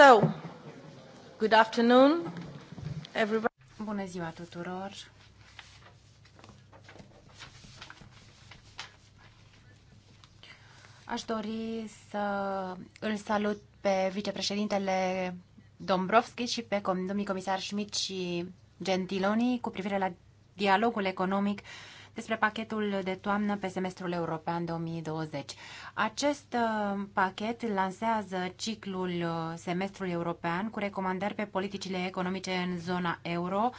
So, good afternoon, everybody. Bună ziua tuturor. Aș dori să îl salut pe vicepreședintele Dombrovski și pe domnii comisar Schmidt și Gentiloni cu privire la dialogul economic despre pachetul de toamnă pe semestrul european 2020. Acest uh, pachet lansează ciclul uh, semestrului european cu recomandări pe politicile economice în zona euro,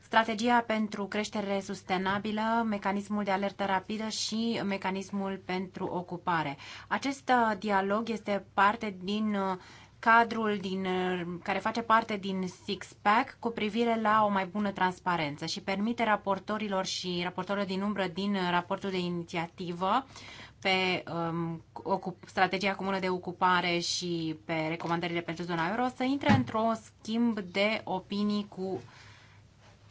strategia pentru creștere sustenabilă, mecanismul de alertă rapidă și mecanismul pentru ocupare. Acest uh, dialog este parte din cadrul din, uh, care face parte din six-pack cu privire la o mai bună transparență și permite raportorilor și raportorilor din umbră din uh, raportul de inițiativă pe um, strategia comună de ocupare și pe recomandările pentru zona euro să intre într-un schimb de opinii cu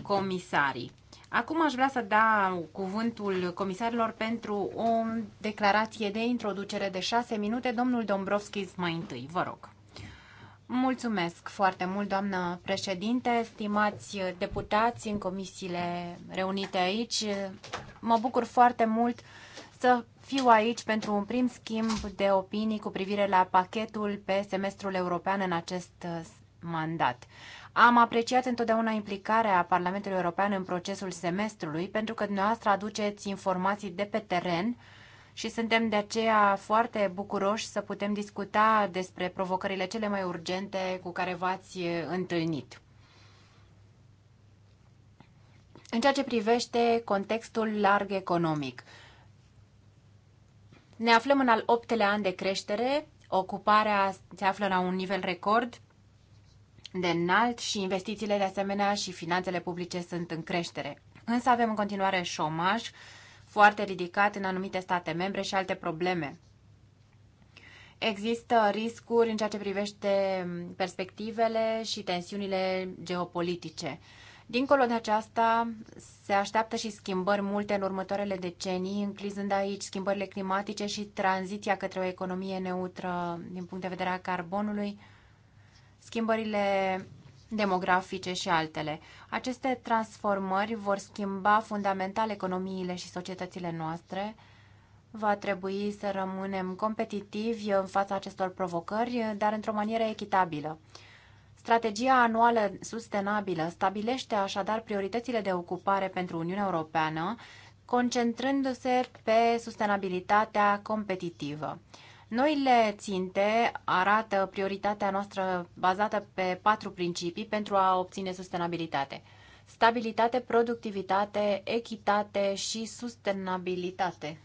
comisarii. Acum aș vrea să dau cuvântul comisarilor pentru o declarație de introducere de șase minute. Domnul Dombrovskis mai întâi, vă rog. Mulțumesc foarte mult, doamnă președinte, stimați deputați în comisiile reunite aici. Mă bucur foarte mult să fiu aici pentru un prim schimb de opinii cu privire la pachetul pe semestrul european în acest mandat. Am apreciat întotdeauna implicarea Parlamentului European în procesul semestrului, pentru că dumneavoastră aduceți informații de pe teren și suntem de aceea foarte bucuroși să putem discuta despre provocările cele mai urgente cu care v-ați întâlnit. În ceea ce privește contextul larg economic, ne aflăm în al optelea an de creștere, ocuparea se află la un nivel record de înalt și investițiile de asemenea și finanțele publice sunt în creștere. Însă avem în continuare șomaj, foarte ridicat în anumite state membre și alte probleme. Există riscuri în ceea ce privește perspectivele și tensiunile geopolitice. Dincolo de aceasta, se așteaptă și schimbări multe în următoarele decenii, înclizând aici schimbările climatice și tranziția către o economie neutră din punct de vedere a carbonului, schimbările demografice și altele. Aceste transformări vor schimba fundamental economiile și societățile noastre. Va trebui să rămânem competitivi în fața acestor provocări, dar într-o manieră echitabilă. Strategia anuală sustenabilă stabilește așadar prioritățile de ocupare pentru Uniunea Europeană, concentrându-se pe sustenabilitatea competitivă. Noile ținte arată prioritatea noastră bazată pe patru principii pentru a obține sustenabilitate. Stabilitate, productivitate, echitate și sustenabilitate.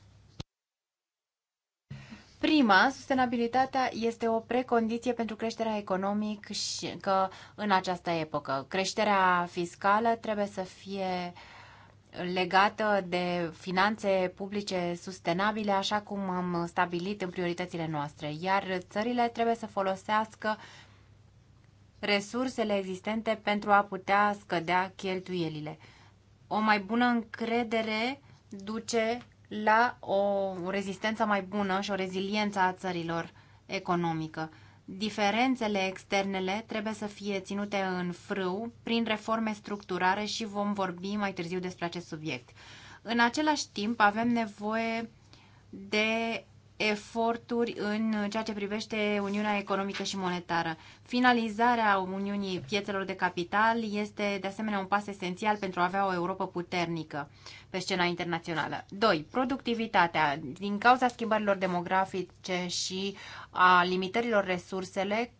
Prima, sustenabilitatea este o precondiție pentru creșterea economică în această epocă. Creșterea fiscală trebuie să fie uh, legată de finanțe publice sustenabile, așa cum am stabilit în prioritățile noastre, iar țările trebuie să folosească resursele existente pentru a putea scădea cheltuielile. O mai bună încredere duce la o rezistență mai bună și o reziliență a țărilor economică. Diferențele externele trebuie să fie ținute în frâu prin reforme structurare și vom vorbi mai târziu despre acest subiect. În același timp, avem nevoie de eforturi în ceea ce privește Uniunea Economică și Monetară. Finalizarea Uniunii Piețelor de Capital este de asemenea un pas esențial pentru a avea o Europa puternică pe scena internațională. 2. Productivitatea. Din cauza schimbărilor demografice și a limitărilor resursele,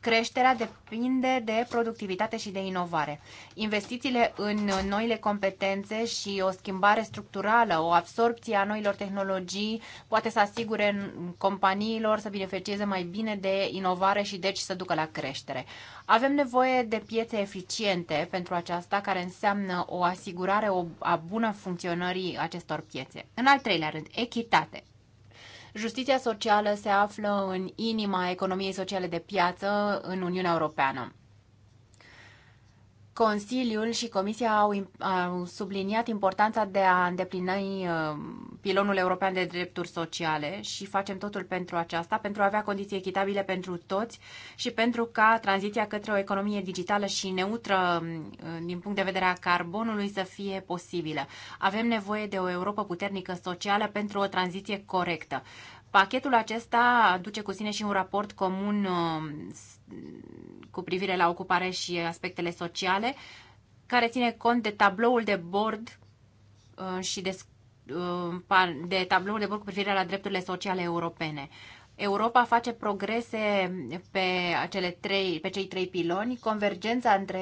creșterea depinde de productivitate și de inovare. Investițiile în noile competențe și o schimbare structurală, o absorpție a noilor tehnologii poate să asigure companiilor să beneficieze mai bine de inovare și deci să ducă la creștere. Avem nevoie de piețe eficiente pentru aceasta, care înseamnă o asigurare a bună funcționării acestor piețe. În al treilea rând, echitate. Justiția socială se află în inima economiei sociale de piață în Uniunea Europeană. Consiliul și Comisia au, au subliniat importanța de a îndeplini uh, pilonul european de drepturi sociale și facem totul pentru aceasta, pentru a avea condiții echitabile pentru toți și pentru ca tranziția către o economie digitală și neutră um, din punct de vedere a carbonului să fie posibilă. Avem nevoie de o Europa puternică socială pentru o tranziție corectă. Pachetul acesta aduce cu sine și un raport comun um, cu privire la ocupare și aspectele sociale, care ține cont de tabloul de bord uh, și de, uh, de tabloul de bord cu privire la drepturile sociale europene. Europa face progrese pe, acele trei, pe cei trei piloni. Convergența între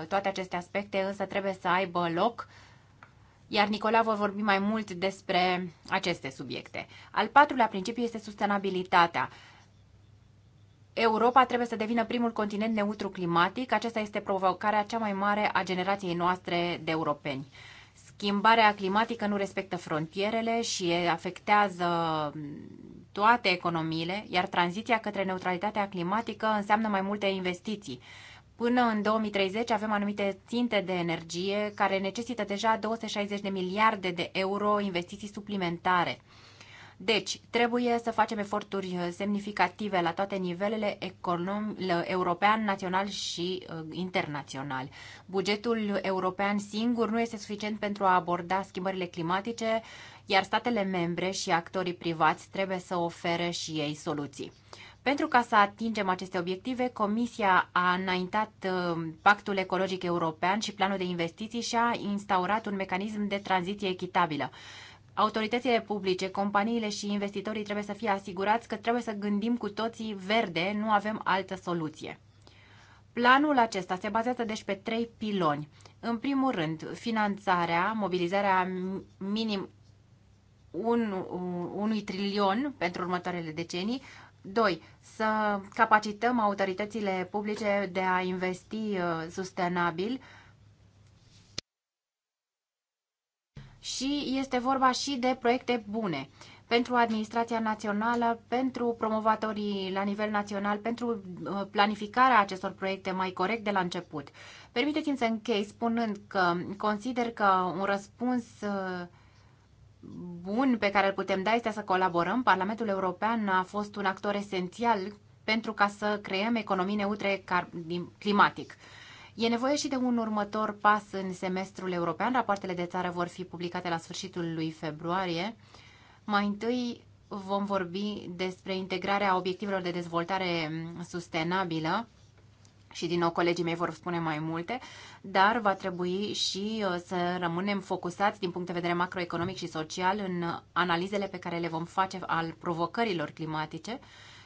uh, toate aceste aspecte însă trebuie să aibă loc, iar Nicola vor vorbi mai mult despre aceste subiecte. Al patrulea principiu este sustenabilitatea. Europa trebuie să devină primul continent neutru climatic. Aceasta este provocarea cea mai mare a generației noastre de europeni. Schimbarea climatică nu respectă frontierele și afectează mm, toate economiile, iar tranziția către neutralitatea climatică înseamnă mai multe investiții. Până în 2030 avem anumite ținte de energie care necesită deja 260 de miliarde de euro investiții suplimentare. Deci, trebuie să facem eforturi uh, semnificative la toate nivelele econom, european, național și uh, internațional. Bugetul european singur nu este suficient pentru a aborda schimbările climatice, iar statele membre și actorii privați trebuie să ofere și ei soluții. Pentru ca să atingem aceste obiective, Comisia a înaintat uh, Pactul Ecologic European și Planul de Investiții și a instaurat un mecanism de tranziție echitabilă autoritățile publice, companiile și investitorii trebuie să fie asigurați că trebuie să gândim cu toții verde, nu avem altă soluție. Planul acesta se bazează deci pe trei piloni. În primul rând, finanțarea, mobilizarea minim un, unui trilion pentru următoarele decenii. 2. Să capacităm autoritățile publice de a investi uh, sustenabil și este vorba și de proiecte bune pentru administrația națională, pentru promovatorii la nivel național, pentru uh, planificarea acestor proiecte mai corect de la început. Permiteți-mi să închei spunând că consider că un răspuns uh, bun pe care îl putem da este să colaborăm. Parlamentul European a fost un actor esențial pentru ca să creăm economii neutre climatic. E nevoie și de un următor pas în semestrul european. Rapoartele de țară vor fi publicate la sfârșitul lui februarie. Mai întâi vom vorbi despre integrarea obiectivelor de dezvoltare sustenabilă și din nou colegii mei vor spune mai multe, dar va trebui și uh, să rămânem focusați din punct de vedere macroeconomic și social în analizele pe care le vom face al provocărilor climatice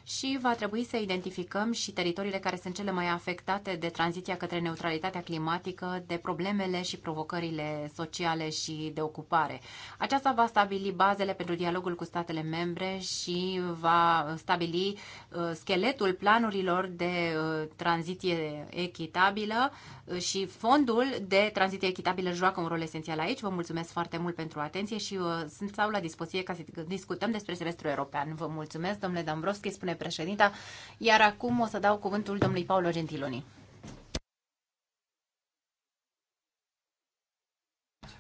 și va trebui să identificăm și teritoriile care sunt cele mai afectate de tranziția către neutralitatea climatică, de problemele și provocările sociale și de ocupare. Aceasta va stabili bazele pentru dialogul cu statele membre și va stabili uh, scheletul planurilor de uh, tranziție echitabilă uh, și fondul de tranziție echitabilă joacă un rol esențial aici. Vă mulțumesc foarte mult pentru atenție și sunt sau la dispoziție ca să discutăm despre semestrul european. Vă mulțumesc, domnule Dambrovski, spune președinta. Iar acum o să dau cuvântul domnului Paolo Gentiloni.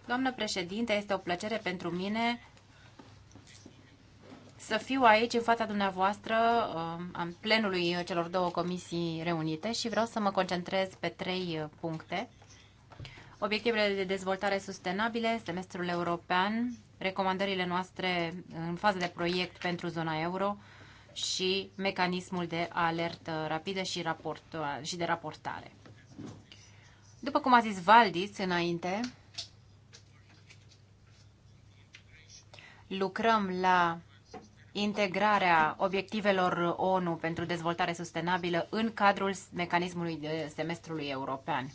Doamnă președinte, este o plăcere pentru mine să fiu aici în fața dumneavoastră, în uh, plenului celor două comisii reunite și vreau să mă concentrez pe trei uh, puncte. Obiectivele de dezvoltare sustenabile, semestrul european, recomandările noastre în fază de proiect pentru zona euro și mecanismul de alertă rapidă și, raport și de raportare. După cum a zis Valdis înainte, lucrăm la integrarea obiectivelor ONU pentru dezvoltare sustenabilă în cadrul mecanismului de semestrului european.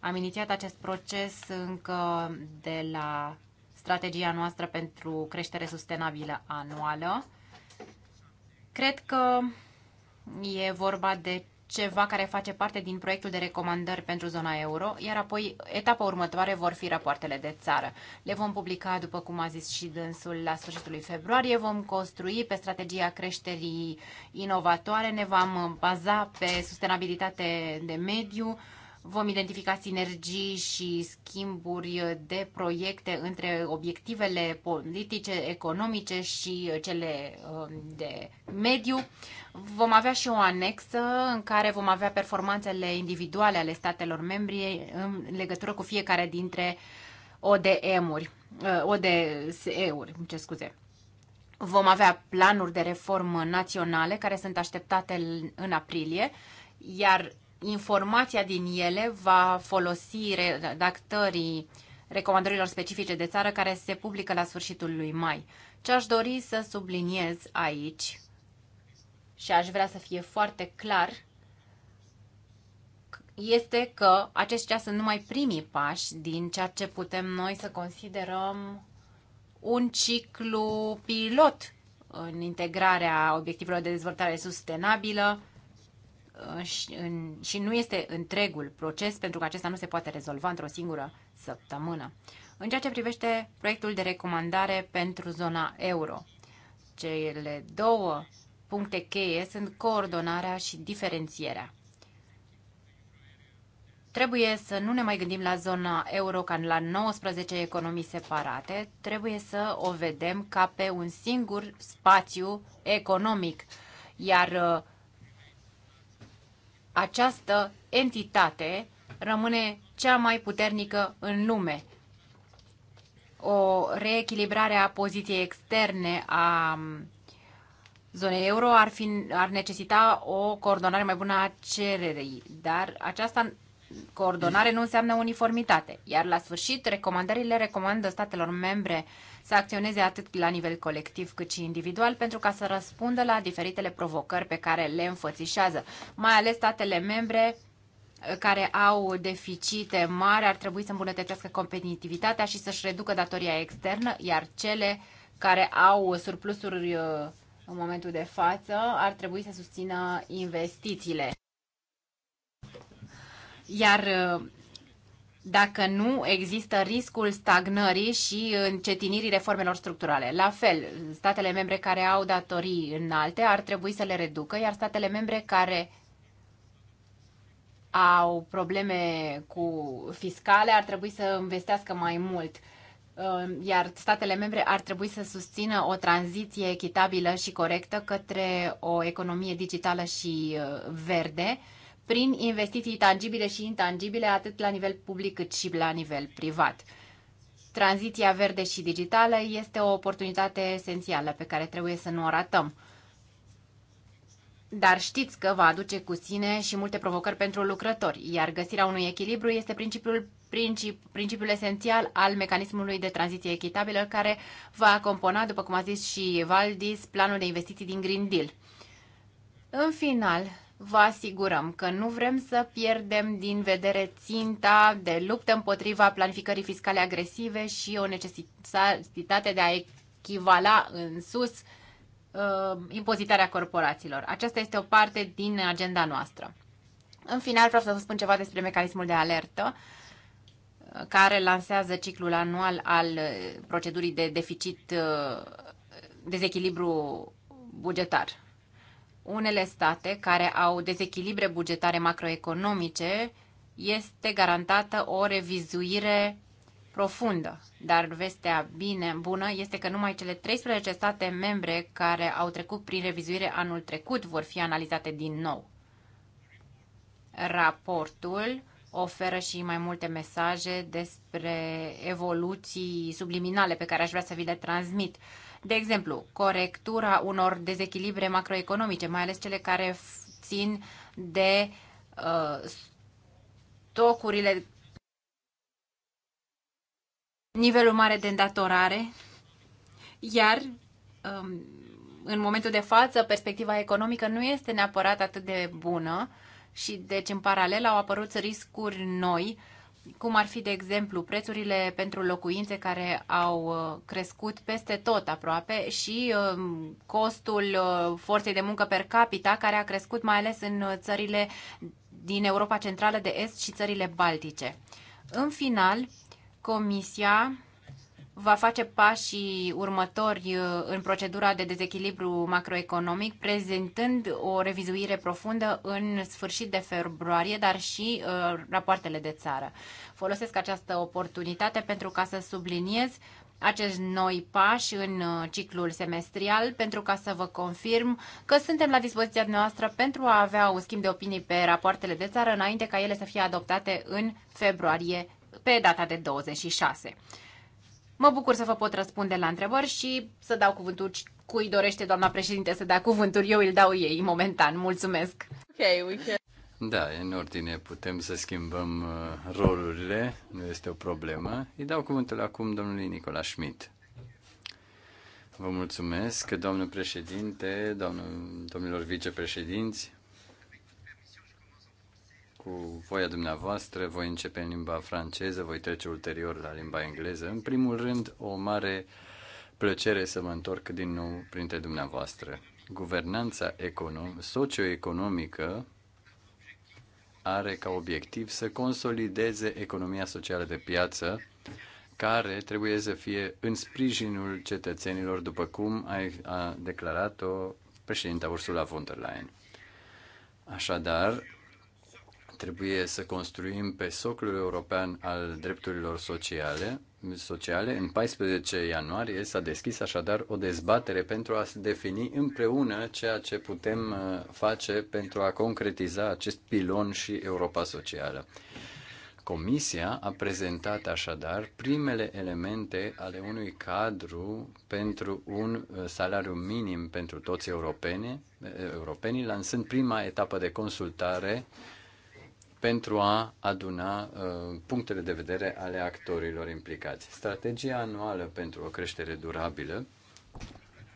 Am inițiat acest proces încă de la strategia noastră pentru creștere sustenabilă anuală Cred că e vorba de ceva care face parte din proiectul de recomandări pentru zona euro, iar apoi etapa următoare vor fi rapoartele de țară. Le vom publica, după cum a zis și dânsul, la sfârșitul lui februarie. Vom construi pe strategia creșterii inovatoare, ne vom baza pe sustenabilitate de mediu, Vom identifica sinergii și schimburi de proiecte între obiectivele politice, economice și cele um, de mediu. Vom avea și o anexă în care vom avea performanțele individuale ale statelor membri în legătură cu fiecare dintre ODM-uri, uh, ODSE-uri, ce scuze. Vom avea planuri de reformă naționale care sunt așteptate în aprilie, iar informația din ele va folosi redactării recomandărilor specifice de țară care se publică la sfârșitul lui mai. Ce aș dori să subliniez aici și aș vrea să fie foarte clar este că aceștia sunt numai primii pași din ceea ce putem noi să considerăm un ciclu pilot în integrarea obiectivelor de dezvoltare sustenabilă și, în, și nu este întregul proces, pentru că acesta nu se poate rezolva într-o singură săptămână. În ceea ce privește proiectul de recomandare pentru zona euro, cele două puncte cheie sunt coordonarea și diferențierea. Trebuie să nu ne mai gândim la zona euro ca la 19 economii separate, trebuie să o vedem ca pe un singur spațiu economic, iar uh, această entitate rămâne cea mai puternică în lume. O reechilibrare a poziției externe a mm, zonei euro ar, fi, ar necesita o coordonare mai bună a cererii, dar aceasta coordonare nu înseamnă uniformitate, iar la sfârșit recomandările recomandă statelor membre să acționeze atât la nivel colectiv cât și individual pentru ca să răspundă la diferitele provocări pe care le înfățișează, mai ales statele membre uh, care au deficite mari ar trebui să îmbunătățească competitivitatea și să-și reducă datoria externă, iar cele care au surplusuri uh, în momentul de față ar trebui să susțină investițiile. Iar uh, dacă nu, există riscul stagnării și încetinirii reformelor structurale. La fel, statele membre care au datorii înalte ar trebui să le reducă, iar statele membre care au probleme cu fiscale ar trebui să investească mai mult. Uh, iar statele membre ar trebui să susțină o tranziție echitabilă și corectă către o economie digitală și uh, verde prin investiții tangibile și intangibile, atât la nivel public cât și la nivel privat. Tranziția verde și digitală este o oportunitate esențială pe care trebuie să nu o ratăm. Dar știți că va aduce cu sine și multe provocări pentru lucrători, iar găsirea unui echilibru este principiul, princip, principiul esențial al mecanismului de tranziție echitabilă care va compona, după cum a zis și Valdis, planul de investiții din Green Deal. În final, vă asigurăm că nu vrem să pierdem din vedere ținta de luptă împotriva planificării fiscale agresive și o necesitate de a echivala în sus uh, impozitarea corporațiilor. Aceasta este o parte din agenda noastră. În final, vreau să vă spun ceva despre mecanismul de alertă uh, care lansează ciclul anual al uh, procedurii de deficit, uh, dezechilibru bugetar unele state care au dezechilibre bugetare macroeconomice, este garantată o revizuire profundă. Dar vestea bine, bună este că numai cele 13 state membre care au trecut prin revizuire anul trecut vor fi analizate din nou. Raportul oferă și mai multe mesaje despre evoluții subliminale pe care aș vrea să vi le transmit. De exemplu, corectura unor dezechilibre macroeconomice, mai ales cele care țin de uh, stocurile, nivelul mare de îndatorare, iar um, în momentul de față perspectiva economică nu este neapărat atât de bună și deci în paralel au apărut riscuri noi uh, cum ar fi, de exemplu, prețurile pentru locuințe care au uh, crescut peste tot aproape și um, costul uh, forței de muncă per capita care a crescut mai ales în uh, țările din Europa Centrală de Est și țările Baltice. În final, Comisia va face pașii următori uh, în procedura de dezechilibru macroeconomic, prezentând o revizuire profundă în sfârșit de februarie, dar și uh, rapoartele de țară. Folosesc această oportunitate pentru ca să subliniez acești noi pași în uh, ciclul semestrial pentru ca să vă confirm că suntem la dispoziția noastră pentru a avea un schimb de opinii pe rapoartele de țară înainte ca ele să fie adoptate în februarie pe data de 26. Mă bucur să vă pot răspunde la întrebări și să dau cuvântul cui dorește doamna președinte să dea cuvântul. Eu îl dau ei momentan. Mulțumesc. Okay, we can... Da, în ordine. Putem să schimbăm uh, rolurile. Nu este o problemă. Îi dau cuvântul acum domnului Nicola Schmidt. Vă mulțumesc, domnul președinte, domnul, domnilor vicepreședinți. Cu voia dumneavoastră, voi începe în limba franceză, voi trece ulterior la limba engleză. În primul rând, o mare plăcere să mă întorc din nou printre dumneavoastră. Guvernanța econom- socioeconomică are ca obiectiv să consolideze economia socială de piață, care trebuie să fie în sprijinul cetățenilor, după cum a, declarat-o președinta Ursula von der Leyen. Așadar, Trebuie să construim pe soclul european al drepturilor sociale, sociale. În 14 ianuarie s-a deschis așadar o dezbatere pentru a se defini împreună ceea ce putem uh, face pentru a concretiza acest pilon și Europa socială. Comisia a prezentat așadar primele elemente ale unui cadru pentru un uh, salariu minim pentru toți europene, uh, europenii, lansând prima etapă de consultare pentru a aduna uh, punctele de vedere ale actorilor implicați. Strategia anuală pentru o creștere durabilă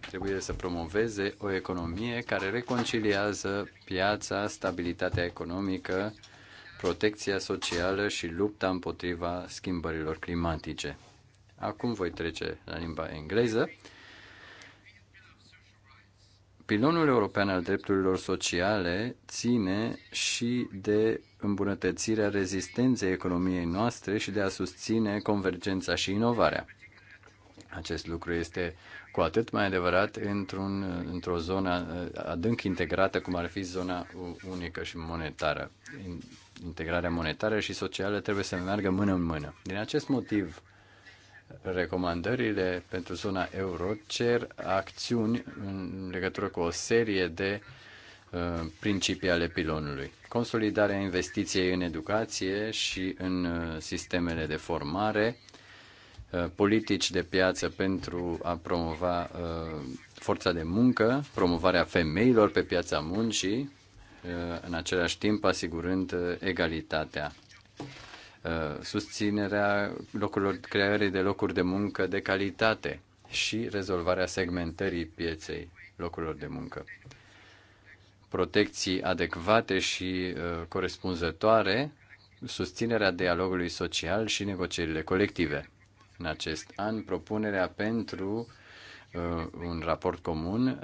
trebuie să promoveze o economie care reconciliază piața, stabilitatea economică, protecția socială și lupta împotriva schimbărilor climatice. Acum voi trece la limba engleză. Pilonul european al drepturilor sociale ține și de îmbunătățirea rezistenței economiei noastre și de a susține convergența și inovarea. Acest lucru este cu atât mai adevărat într-un, într-o zonă adânc integrată, cum ar fi zona unică și monetară. Integrarea monetară și socială trebuie să meargă mână în mână. Din acest motiv, Recomandările pentru zona euro cer acțiuni în legătură cu o serie de uh, principii ale pilonului. Consolidarea investiției în educație și în uh, sistemele de formare, uh, politici de piață pentru a promova forța de muncă, promovarea femeilor pe piața muncii, în același timp asigurând egalitatea Uh, susținerea locurilor, creării de locuri de muncă de calitate și rezolvarea segmentării pieței locurilor de muncă. Protecții adecvate și uh, corespunzătoare, susținerea dialogului social și negocierile colective. În acest an, propunerea pentru uh, un raport comun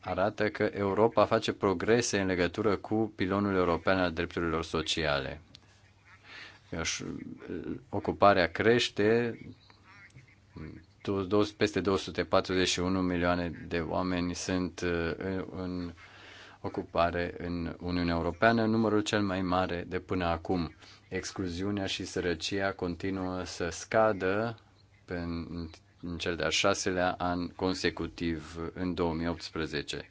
arată că Europa face progrese în legătură cu pilonul european al drepturilor sociale ocuparea crește, peste 241 milioane de oameni sunt uh, în ocupare în Uniunea Europeană, numărul cel mai mare de până acum. Excluziunea și sărăcia continuă să scadă în cel de-al șaselea an consecutiv în 2018.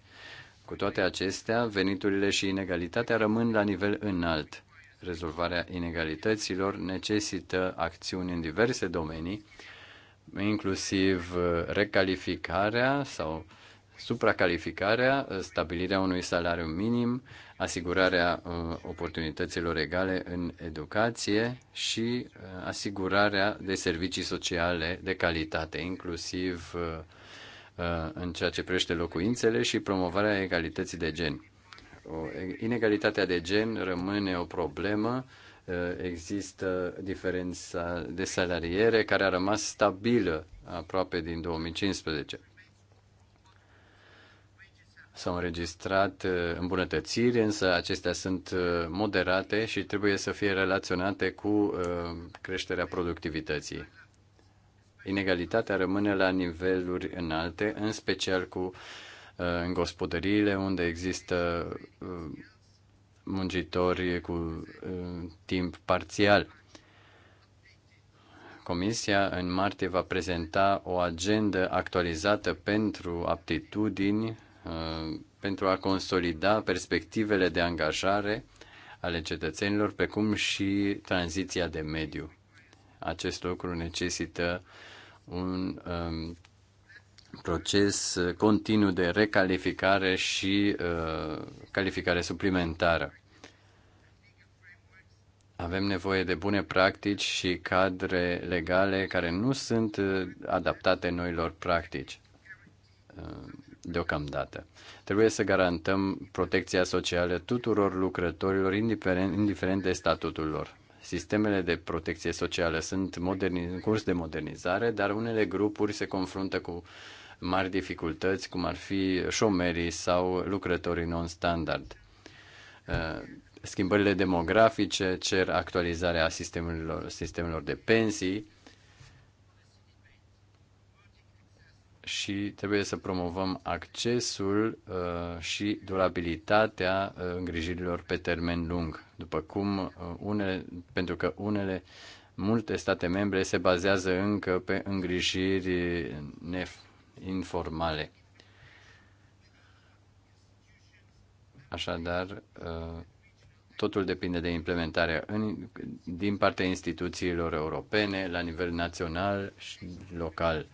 Cu toate acestea, veniturile și inegalitatea rămân la nivel înalt rezolvarea inegalităților necesită acțiuni în diverse domenii, inclusiv uh, recalificarea sau supracalificarea, uh, stabilirea unui salariu minim, asigurarea uh, oportunităților egale în educație și asigurarea de servicii sociale de calitate, inclusiv în ceea ce privește locuințele și promovarea egalității de gen. Inegalitatea de gen rămâne o problemă. Eh, există diferența de salariere care a rămas stabilă aproape din 2015. S-au înregistrat eh, îmbunătățiri, însă acestea sunt eh, moderate și trebuie să fie relaționate cu creșterea productivității. Inegalitatea rămâne la niveluri înalte, în special cu uh, în gospodăriile unde există uh, muncitori cu uh, timp parțial. Comisia în martie va prezenta o agendă actualizată pentru aptitudini, uh, pentru a consolida perspectivele de angajare ale cetățenilor, precum și tranziția de mediu. Acest lucru necesită un um, proces uh, continuu de recalificare și uh, calificare suplimentară. Avem nevoie de bune practici și cadre legale care nu sunt uh, adaptate noilor practici deocamdată. Trebuie să garantăm protecția socială tuturor lucrătorilor, indiferent, indiferent de statutul lor. Sistemele de protecție socială sunt moderni, în curs de modernizare, dar unele grupuri se confruntă cu uh, mari dificultăți, cum ar fi șomerii sau lucrătorii non-standard. Uh, schimbările demografice cer actualizarea sistemelor, sistemelor de pensii și trebuie să promovăm accesul uh, și durabilitatea uh, îngrijirilor pe termen lung, după cum unele, pentru că unele multe state membre se bazează încă pe îngrijiri informale. Așadar, uh, totul depinde de implementarea în, din partea instituțiilor europene, la nivel național și local.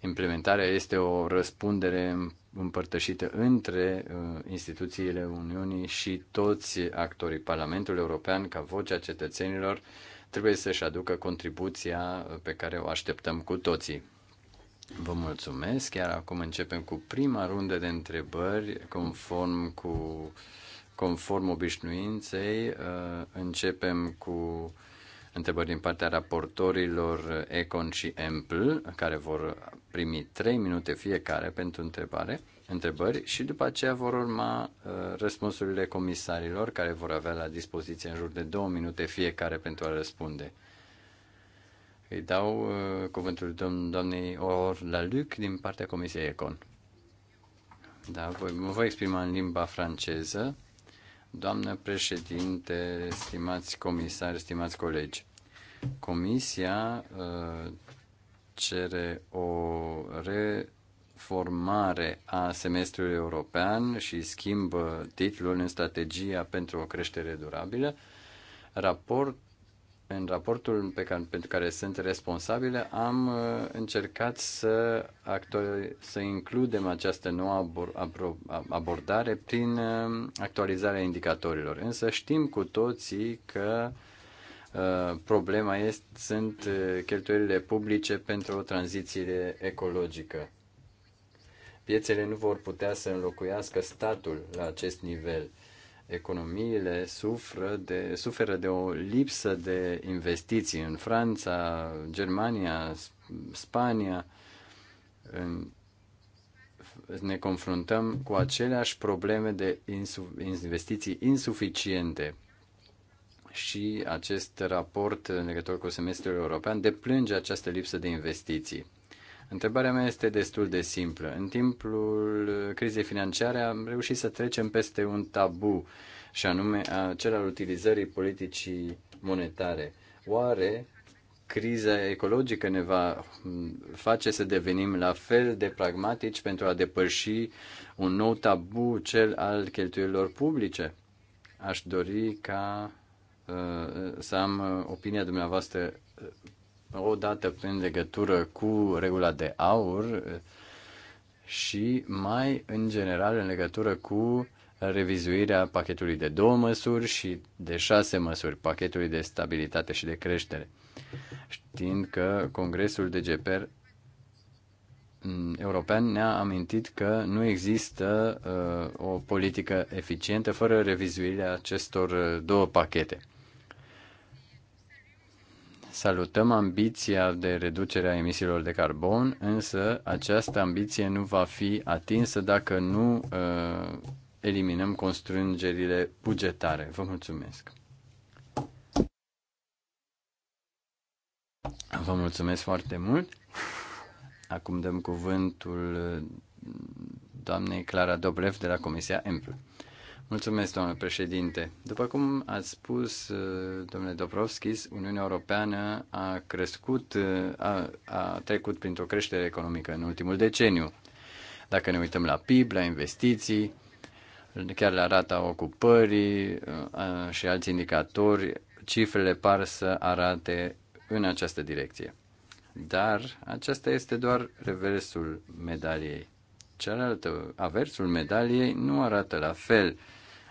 Implementarea este o răspundere împărtășită între uh, instituțiile Uniunii și toți actorii. Parlamentului European, ca vocea cetățenilor, trebuie să-și aducă contribuția pe care o așteptăm cu toții. Vă mulțumesc. Chiar acum începem cu prima rundă de întrebări conform cu conform obișnuinței. Uh, începem cu întrebări din partea raportorilor Econ și Empl, care vor primi 3 minute fiecare pentru întrebare, întrebări și după aceea vor urma uh, răspunsurile comisarilor, care vor avea la dispoziție în jur de 2 minute fiecare pentru a răspunde. Îi dau uh, cuvântul domn, doamnei Or la Luc din partea Comisiei Econ. Da, voi, mă voi exprima în limba franceză. Doamnă președinte, stimați comisari, stimați colegi, Comisia uh, cere o reformare a semestrului european și schimbă titlul în strategia pentru o creștere durabilă. Raport în raportul pe care, pentru care sunt responsabile, am uh, încercat să, actual, să includem această nouă abordare prin uh, actualizarea indicatorilor. Însă știm cu toții că uh, problema este, sunt cheltuielile publice pentru o tranziție ecologică. Piețele nu vor putea să înlocuiască statul la acest nivel economiile suferă de, suferă de o lipsă de investiții în Franța, Germania, Spania. În, ne confruntăm cu aceleași probleme de insu, investiții insuficiente și acest raport în legătură cu semestrul european deplânge această lipsă de investiții. Întrebarea mea este destul de simplă. În timpul crizei financiare am reușit să trecem peste un tabu, și anume cel al utilizării politicii monetare. Oare criza ecologică ne va face să devenim la fel de pragmatici pentru a depăși un nou tabu, cel al cheltuielor publice? Aș dori ca ă, să am opinia dumneavoastră ă, o dată în legătură cu regula de aur și mai în general în legătură cu revizuirea pachetului de două măsuri și de șase măsuri, pachetului de stabilitate și de creștere. Știind că Congresul de GPR european ne-a amintit că nu există uh, o politică eficientă fără revizuirea acestor uh, două pachete. Salutăm ambiția de reducere a emisiilor de carbon, însă această ambiție nu va fi atinsă dacă nu uh, eliminăm constrângerile bugetare. Vă mulțumesc! Vă mulțumesc foarte mult! Acum dăm cuvântul uh, doamnei Clara Dobrev de la Comisia Emplu. Mulțumesc, domnule președinte. După cum ați spus, domnule Dobrovskis, Uniunea Europeană a crescut, a, a trecut printr-o creștere economică în ultimul deceniu. Dacă ne uităm la PIB, la investiții, chiar la rata ocupării și alți indicatori, cifrele par să arate în această direcție. Dar aceasta este doar reversul medaliei. Cealaltă, aversul medaliei nu arată la fel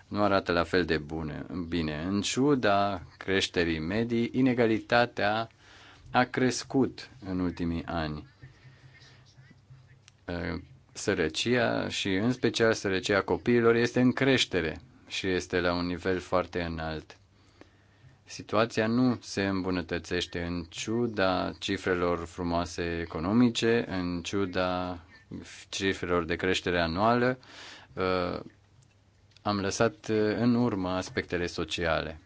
nu arată la fel de bune, bine. În ciuda creșterii medii, inegalitatea a crescut în ultimii ani. Ă, sărăcia și în special sărăcia copiilor este în creștere și este la un nivel foarte înalt. Situația nu se îmbunătățește în ciuda cifrelor frumoase economice, în ciuda cifrelor de creștere anuală, ă, am lăsat eh, în urmă aspectele sociale.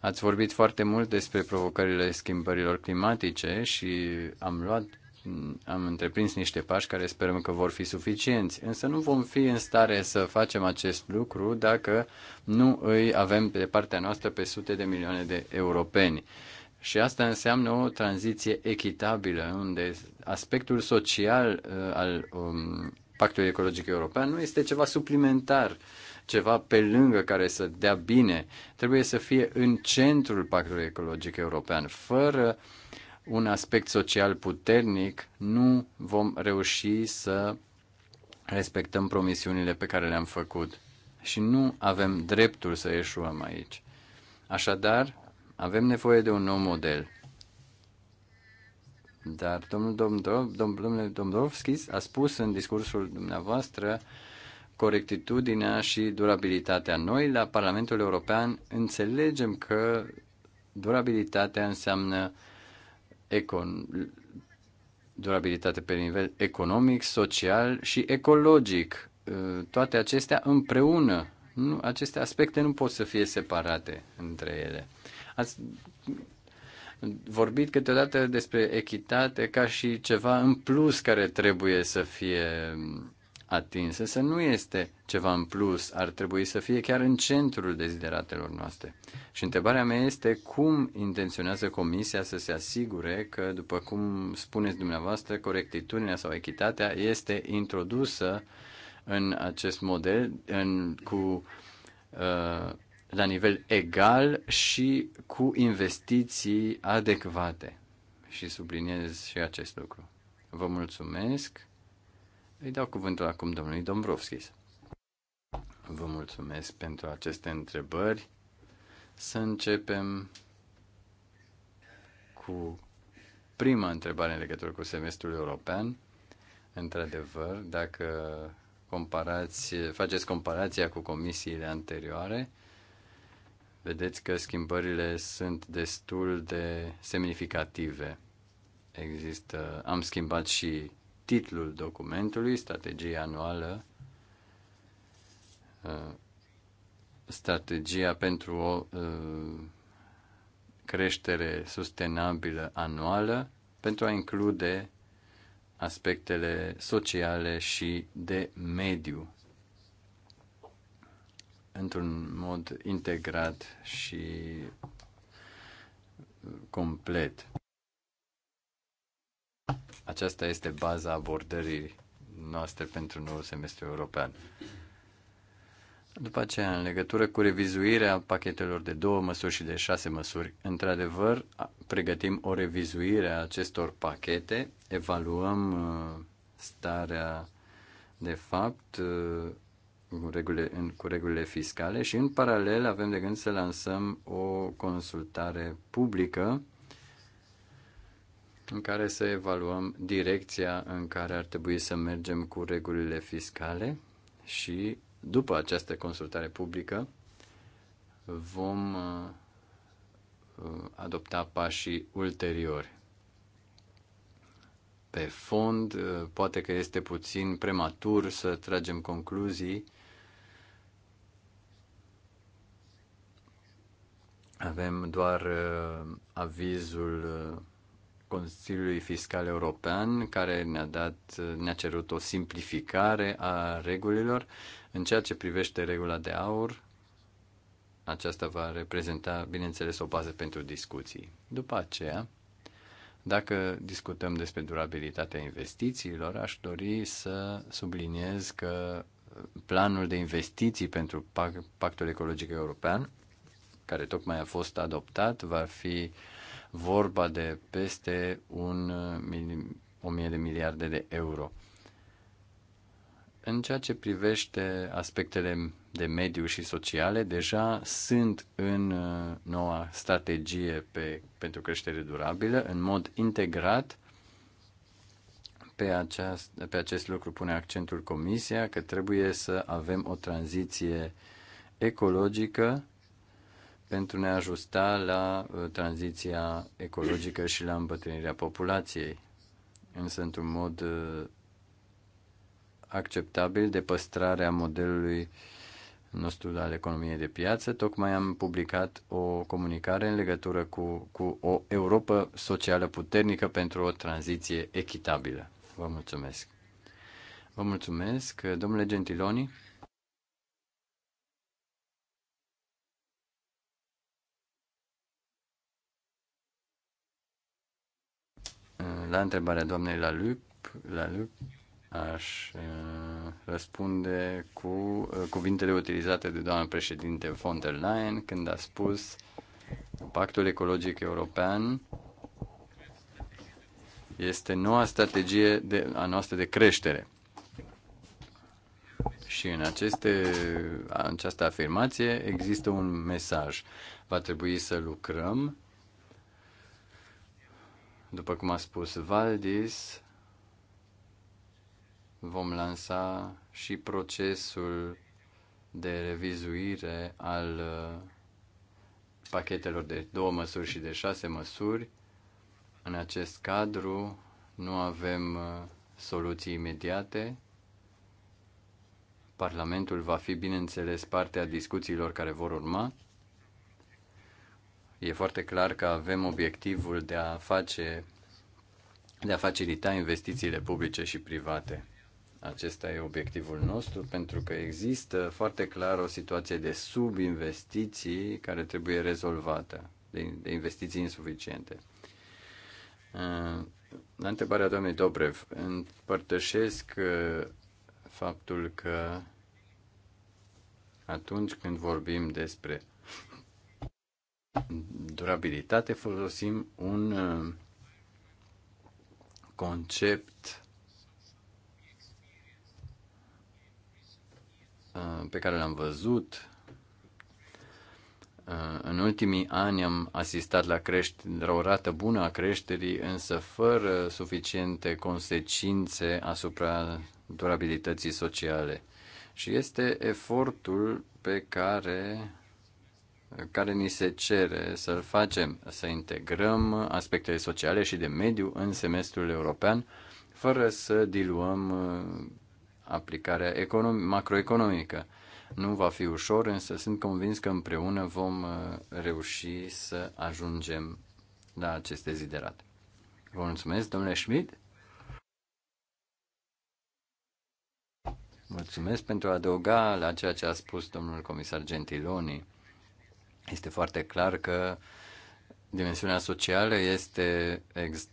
Ați vorbit foarte mult despre provocările schimbărilor climatice și am luat am întreprins niște pași care sperăm că vor fi suficienți, însă nu vom fi în stare să facem acest lucru dacă nu îi avem de partea noastră pe sute de milioane de europeni. Și asta înseamnă o tranziție echitabilă, unde aspectul social eh, al um, Pactul Ecologic European nu este ceva suplimentar, ceva pe lângă care să dea bine. Trebuie să fie în centrul Pactului Ecologic European. Fără un aspect social puternic, nu vom reuși să respectăm promisiunile pe care le-am făcut și nu avem dreptul să ieșuăm aici. Așadar, avem nevoie de un nou model. Dar domnul domnul domnule a spus în discursul dumneavoastră corectitudinea și durabilitatea. Noi, la Parlamentul European, înțelegem că durabilitatea înseamnă econ, durabilitate pe nivel economic, social și ecologic. Toate acestea împreună. Nu, aceste aspecte nu pot să fie separate între ele. Ați vorbit câteodată despre echitate ca și ceva în plus care trebuie să fie atins, însă nu este ceva în plus, ar trebui să fie chiar în centrul dezideratelor noastre. Și întrebarea mea este cum intenționează Comisia să se asigure că, după cum spuneți dumneavoastră, corectitudinea sau echitatea este introdusă în acest model în, cu uh, la nivel egal și cu investiții adecvate. Și subliniez și acest lucru. Vă mulțumesc. Îi dau cuvântul acum domnului Dombrovskis. Vă mulțumesc pentru aceste întrebări. Să începem cu prima întrebare în legătură cu semestrul european. Într-adevăr, dacă comparați, faceți comparația cu comisiile anterioare, vedeți că schimbările sunt destul de semnificative. Există, am schimbat și titlul documentului, strategia anuală, uh, strategia pentru o uh, creștere sustenabilă anuală, pentru a include aspectele sociale și de mediu într-un mod integrat și complet. Aceasta este baza abordării noastre pentru noul semestru european. După aceea, în legătură cu revizuirea pachetelor de două măsuri și de șase măsuri, într-adevăr, pregătim o revizuire a acestor pachete, evaluăm uh, starea de fapt uh, regulile, în, cu regulile fiscale și în paralel avem de gând să lansăm o consultare publică în care să evaluăm direcția în care ar trebui să mergem cu regulile fiscale și după această consultare publică vom uh, adopta pașii ulteriori. Pe fond, uh, poate că este puțin prematur să tragem concluzii Avem doar uh, avizul uh, Consiliului Fiscal European care ne-a dat, uh, ne-a cerut o simplificare a regulilor în ceea ce privește regula de aur. Aceasta va reprezenta, bineînțeles, o bază pentru discuții. După aceea, dacă discutăm despre durabilitatea investițiilor, aș dori să subliniez că planul de investiții pentru Pactul Ecologic European care tocmai a fost adoptat, va fi vorba de peste un, o mie de miliarde de euro. În ceea ce privește aspectele de mediu și sociale, deja sunt în uh, noua strategie pe, pentru creștere durabilă, în mod integrat. Pe, aceast, pe acest lucru pune accentul Comisia că trebuie să avem o tranziție ecologică pentru a ne ajusta la uh, tranziția ecologică și la îmbătrânirea populației, însă într-un mod uh, acceptabil de păstrarea modelului nostru al economiei de piață. Tocmai am publicat o comunicare în legătură cu, cu o Europa socială puternică pentru o tranziție echitabilă. Vă mulțumesc! Vă mulțumesc, domnule Gentiloni. La întrebarea doamnei la Lup, la Lup aș uh, răspunde cu uh, cuvintele utilizate de doamna președinte von der Leyen când a spus Pactul Ecologic European este noua strategie de, a noastră de creștere. Și în, aceste, în această afirmație există un mesaj. Va trebui să lucrăm după cum a spus Valdis, vom lansa și procesul de revizuire al uh, pachetelor de două măsuri și de șase măsuri. În acest cadru nu avem uh, soluții imediate. Parlamentul va fi, bineînțeles, partea discuțiilor care vor urma. E foarte clar că avem obiectivul de a face de a facilita investițiile publice și private. Acesta e obiectivul nostru pentru că există foarte clar o situație de subinvestiții care trebuie rezolvată, de, de investiții insuficiente. Uh, la întrebarea doamnei Dobrev, împărtășesc uh, faptul că atunci când vorbim despre durabilitate folosim un uh, concept uh, pe care l-am văzut uh, în ultimii ani am asistat la, creșt- la o rată bună a creșterii, însă fără suficiente consecințe asupra durabilității sociale. Și este efortul pe care care ni se cere să-l facem, să integrăm aspectele sociale și de mediu în semestrul european, fără să diluăm uh, aplicarea macroeconomică. Nu va fi ușor, însă sunt convins că împreună vom uh, reuși să ajungem la acest deziderat. Vă mulțumesc, domnule Schmidt. Mulțumesc pentru a adăuga la ceea ce a spus domnul comisar Gentiloni este foarte clar că dimensiunea socială este ex-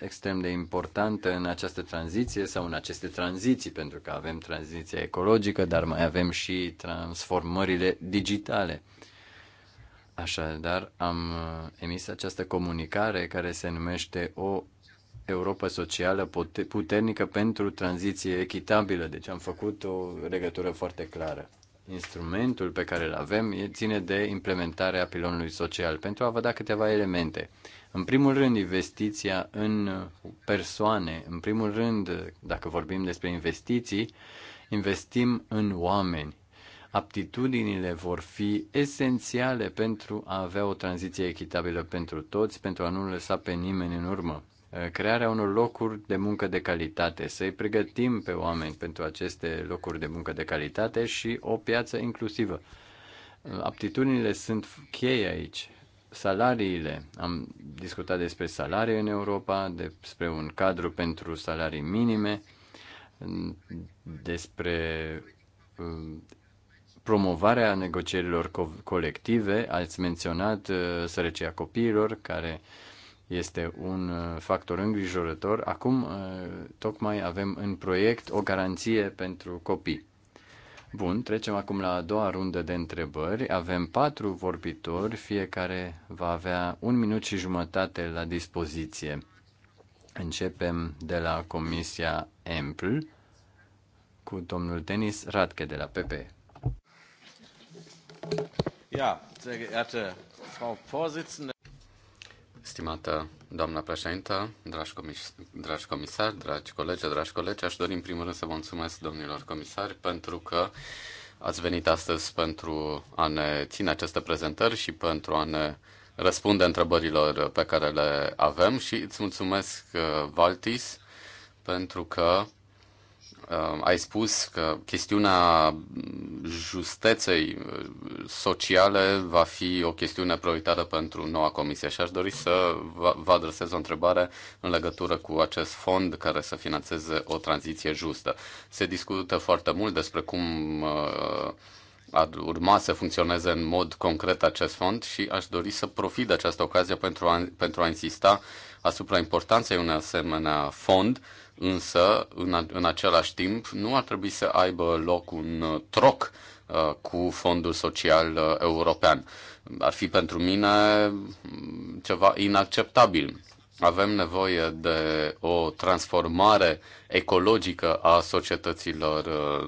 extrem de importantă în această tranziție sau în aceste tranziții, pentru că avem tranziția ecologică, dar mai avem și transformările digitale. Așadar, am emis această comunicare care se numește o Europa socială puternică pentru tranziție echitabilă. Deci am făcut o legătură foarte clară. Instrumentul pe care îl avem ține de implementarea pilonului social. Pentru a vă da câteva elemente. În primul rând, investiția în persoane. În primul rând, dacă vorbim despre investiții, investim în oameni. Aptitudinile vor fi esențiale pentru a avea o tranziție echitabilă pentru toți, pentru a nu lăsa pe nimeni în urmă. Eh, crearea unor locuri de muncă de calitate, să-i pregătim pe oameni pentru aceste locuri de muncă de calitate și o piață inclusivă. Eh, aptitudinile sunt cheie aici. Salariile, am discutat despre salarii în Europa, despre un cadru pentru salarii minime, despre eh, promovarea negocierilor co- colective, ați menționat sărăcia copiilor, care uh, este un uh, factor îngrijorător. Acum, uh, tocmai avem în proiect o garanție pentru copii. Bun, trecem acum la a doua rundă de întrebări. Avem patru vorbitori, fiecare va avea un minut și jumătate la dispoziție. Începem de la Comisia EMPL cu domnul Denis Radke de la PP. Ja, sehr geehrte Frau Vorsitzende. Stimată doamna președintă, dragi, comis- dragi comisari, dragi colegi, dragi colegi, aș dori în primul rând să vă mulțumesc domnilor comisari pentru că ați venit astăzi pentru a ne ține aceste prezentări și pentru a ne răspunde întrebărilor pe care le avem și îți mulțumesc, uh, Valtis, pentru că Um, ai spus că chestiunea justeței uh, sociale va fi o chestiune prioritară pentru noua comisie și aș dori să vă adresez o întrebare în legătură cu acest fond care să financeze o tranziție justă. Se discută foarte mult despre cum uh, ar urma să funcționeze în mod concret acest fond și aș dori să profit de această ocazie pentru a, pentru a insista asupra importanței unui asemenea fond însă, în, în același timp, nu ar trebui să aibă loc un uh, troc uh, cu Fondul Social uh, European. Ar fi pentru mine mm, ceva inacceptabil. Avem nevoie de o transformare ecologică a societăților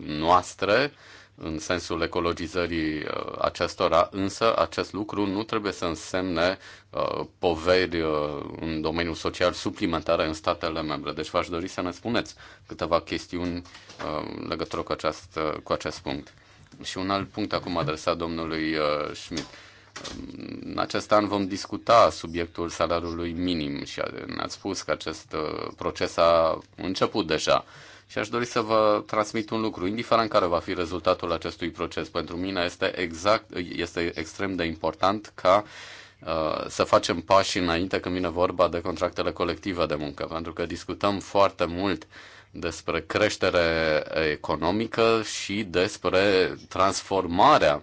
noastre, în sensul ecologizării uh, acestora, însă acest lucru nu trebuie să însemne uh, poveri uh, în domeniul social suplimentare în statele membre. Deci v-aș dori să ne spuneți câteva chestiuni legătură cu acest, cu acest punct. Și un alt punct acum adresat domnului Schmidt. În acest an vom discuta subiectul salariului minim și ne-ați spus că acest proces a început deja. Și aș dori să vă transmit un lucru, indiferent care va fi rezultatul acestui proces. Pentru mine este, exact, este extrem de important ca uh, să facem pași înainte când vine vorba de contractele colective de muncă, pentru că discutăm foarte mult despre creștere economică și despre transformarea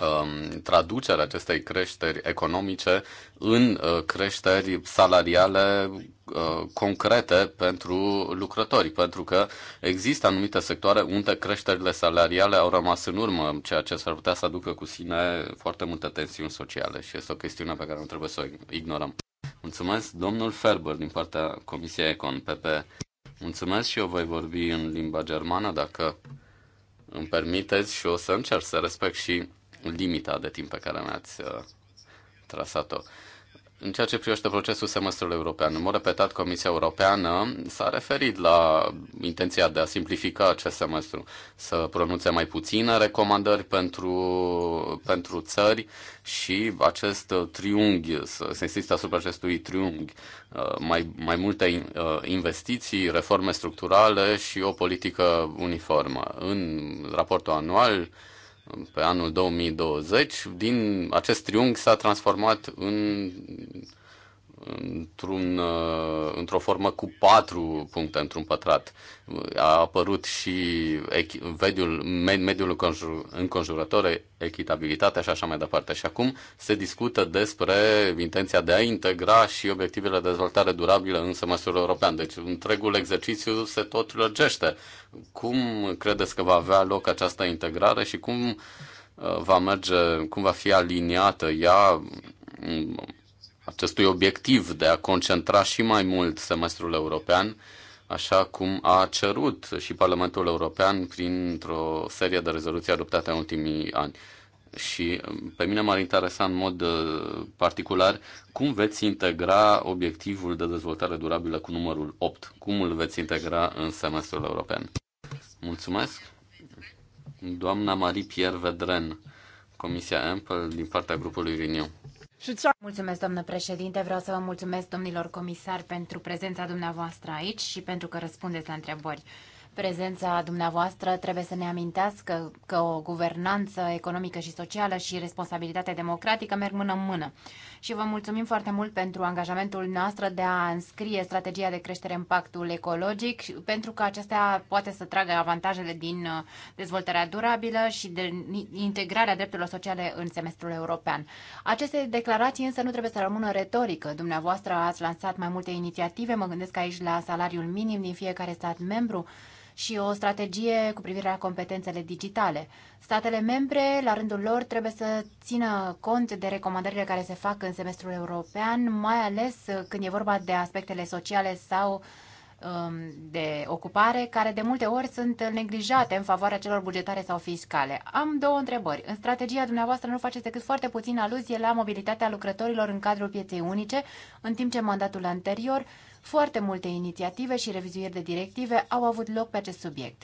Um, traducerea acestei creșteri economice în uh, creșteri salariale uh, concrete pentru lucrători, pentru că există anumite sectoare unde creșterile salariale au rămas în urmă, ceea ce s-ar putea să aducă cu sine foarte multe tensiuni sociale și este o chestiune pe care nu trebuie să o ignorăm. Mulțumesc, domnul Ferber, din partea Comisiei Econ, PP. Mulțumesc și eu voi vorbi în limba germană, dacă îmi permiteți, și o să încerc să respect și limita de timp pe care ne-ați uh, trasat-o. În ceea ce privește procesul semestrului european, în mod repetat, Comisia Europeană s-a referit la intenția de a simplifica acest semestru, să pronunțe mai puține recomandări pentru, pentru țări și acest uh, triunghi, să se insiste asupra acestui triunghi, uh, mai, mai multe investiții, reforme structurale și o politică uniformă. În raportul anual, pe anul 2020, din acest triunghi s-a transformat în într-un, uh, într-o formă cu patru puncte într-un pătrat. A apărut și mediul, mediul înconjurător, echitabilitatea și așa mai departe. Și acum se discută despre intenția de a integra și obiectivele de dezvoltare durabilă în semestrul european. Deci întregul exercițiu se tot lărgește. Cum credeți că va avea loc această integrare și cum uh, va merge, cum va fi aliniată ea mm, acestui obiectiv de a concentra și mai mult semestrul european, așa cum a cerut și Parlamentul European printr-o serie de rezoluții adoptate în ultimii ani. Și pe mine m-ar interesa în mod uh, particular cum veți integra obiectivul de dezvoltare durabilă cu numărul 8. Cum îl veți integra în semestrul european? Mulțumesc! Doamna Marie-Pierre Vedren, Comisia Ample, din partea grupului Renew. Mulțumesc, domnule președinte. Vreau să vă mulțumesc, domnilor comisari, pentru prezența dumneavoastră aici și pentru că răspundeți la întrebări. Prezența dumneavoastră trebuie să ne amintească că o guvernanță economică și socială și responsabilitatea democratică merg mână în mână și vă mulțumim foarte mult pentru angajamentul noastră de a înscrie strategia de creștere în pactul ecologic, pentru că acestea poate să tragă avantajele din uh, dezvoltarea durabilă și de integrarea drepturilor sociale în semestrul european. Aceste declarații însă nu trebuie să rămână retorică. Dumneavoastră ați lansat mai multe inițiative, mă gândesc aici la salariul minim din fiecare stat membru, și o strategie cu privire la competențele digitale. Statele membre, la rândul lor, trebuie să țină cont de recomandările care se fac în semestrul european, mai ales când e vorba de aspectele sociale sau um, de ocupare, care de multe ori sunt neglijate în favoarea celor bugetare sau fiscale. Am două întrebări. În strategia dumneavoastră nu faceți decât foarte puțin aluzie la mobilitatea lucrătorilor în cadrul pieței unice, în timp ce mandatul anterior uh, foarte multe inițiative și revizuiri de directive au avut loc pe acest subiect.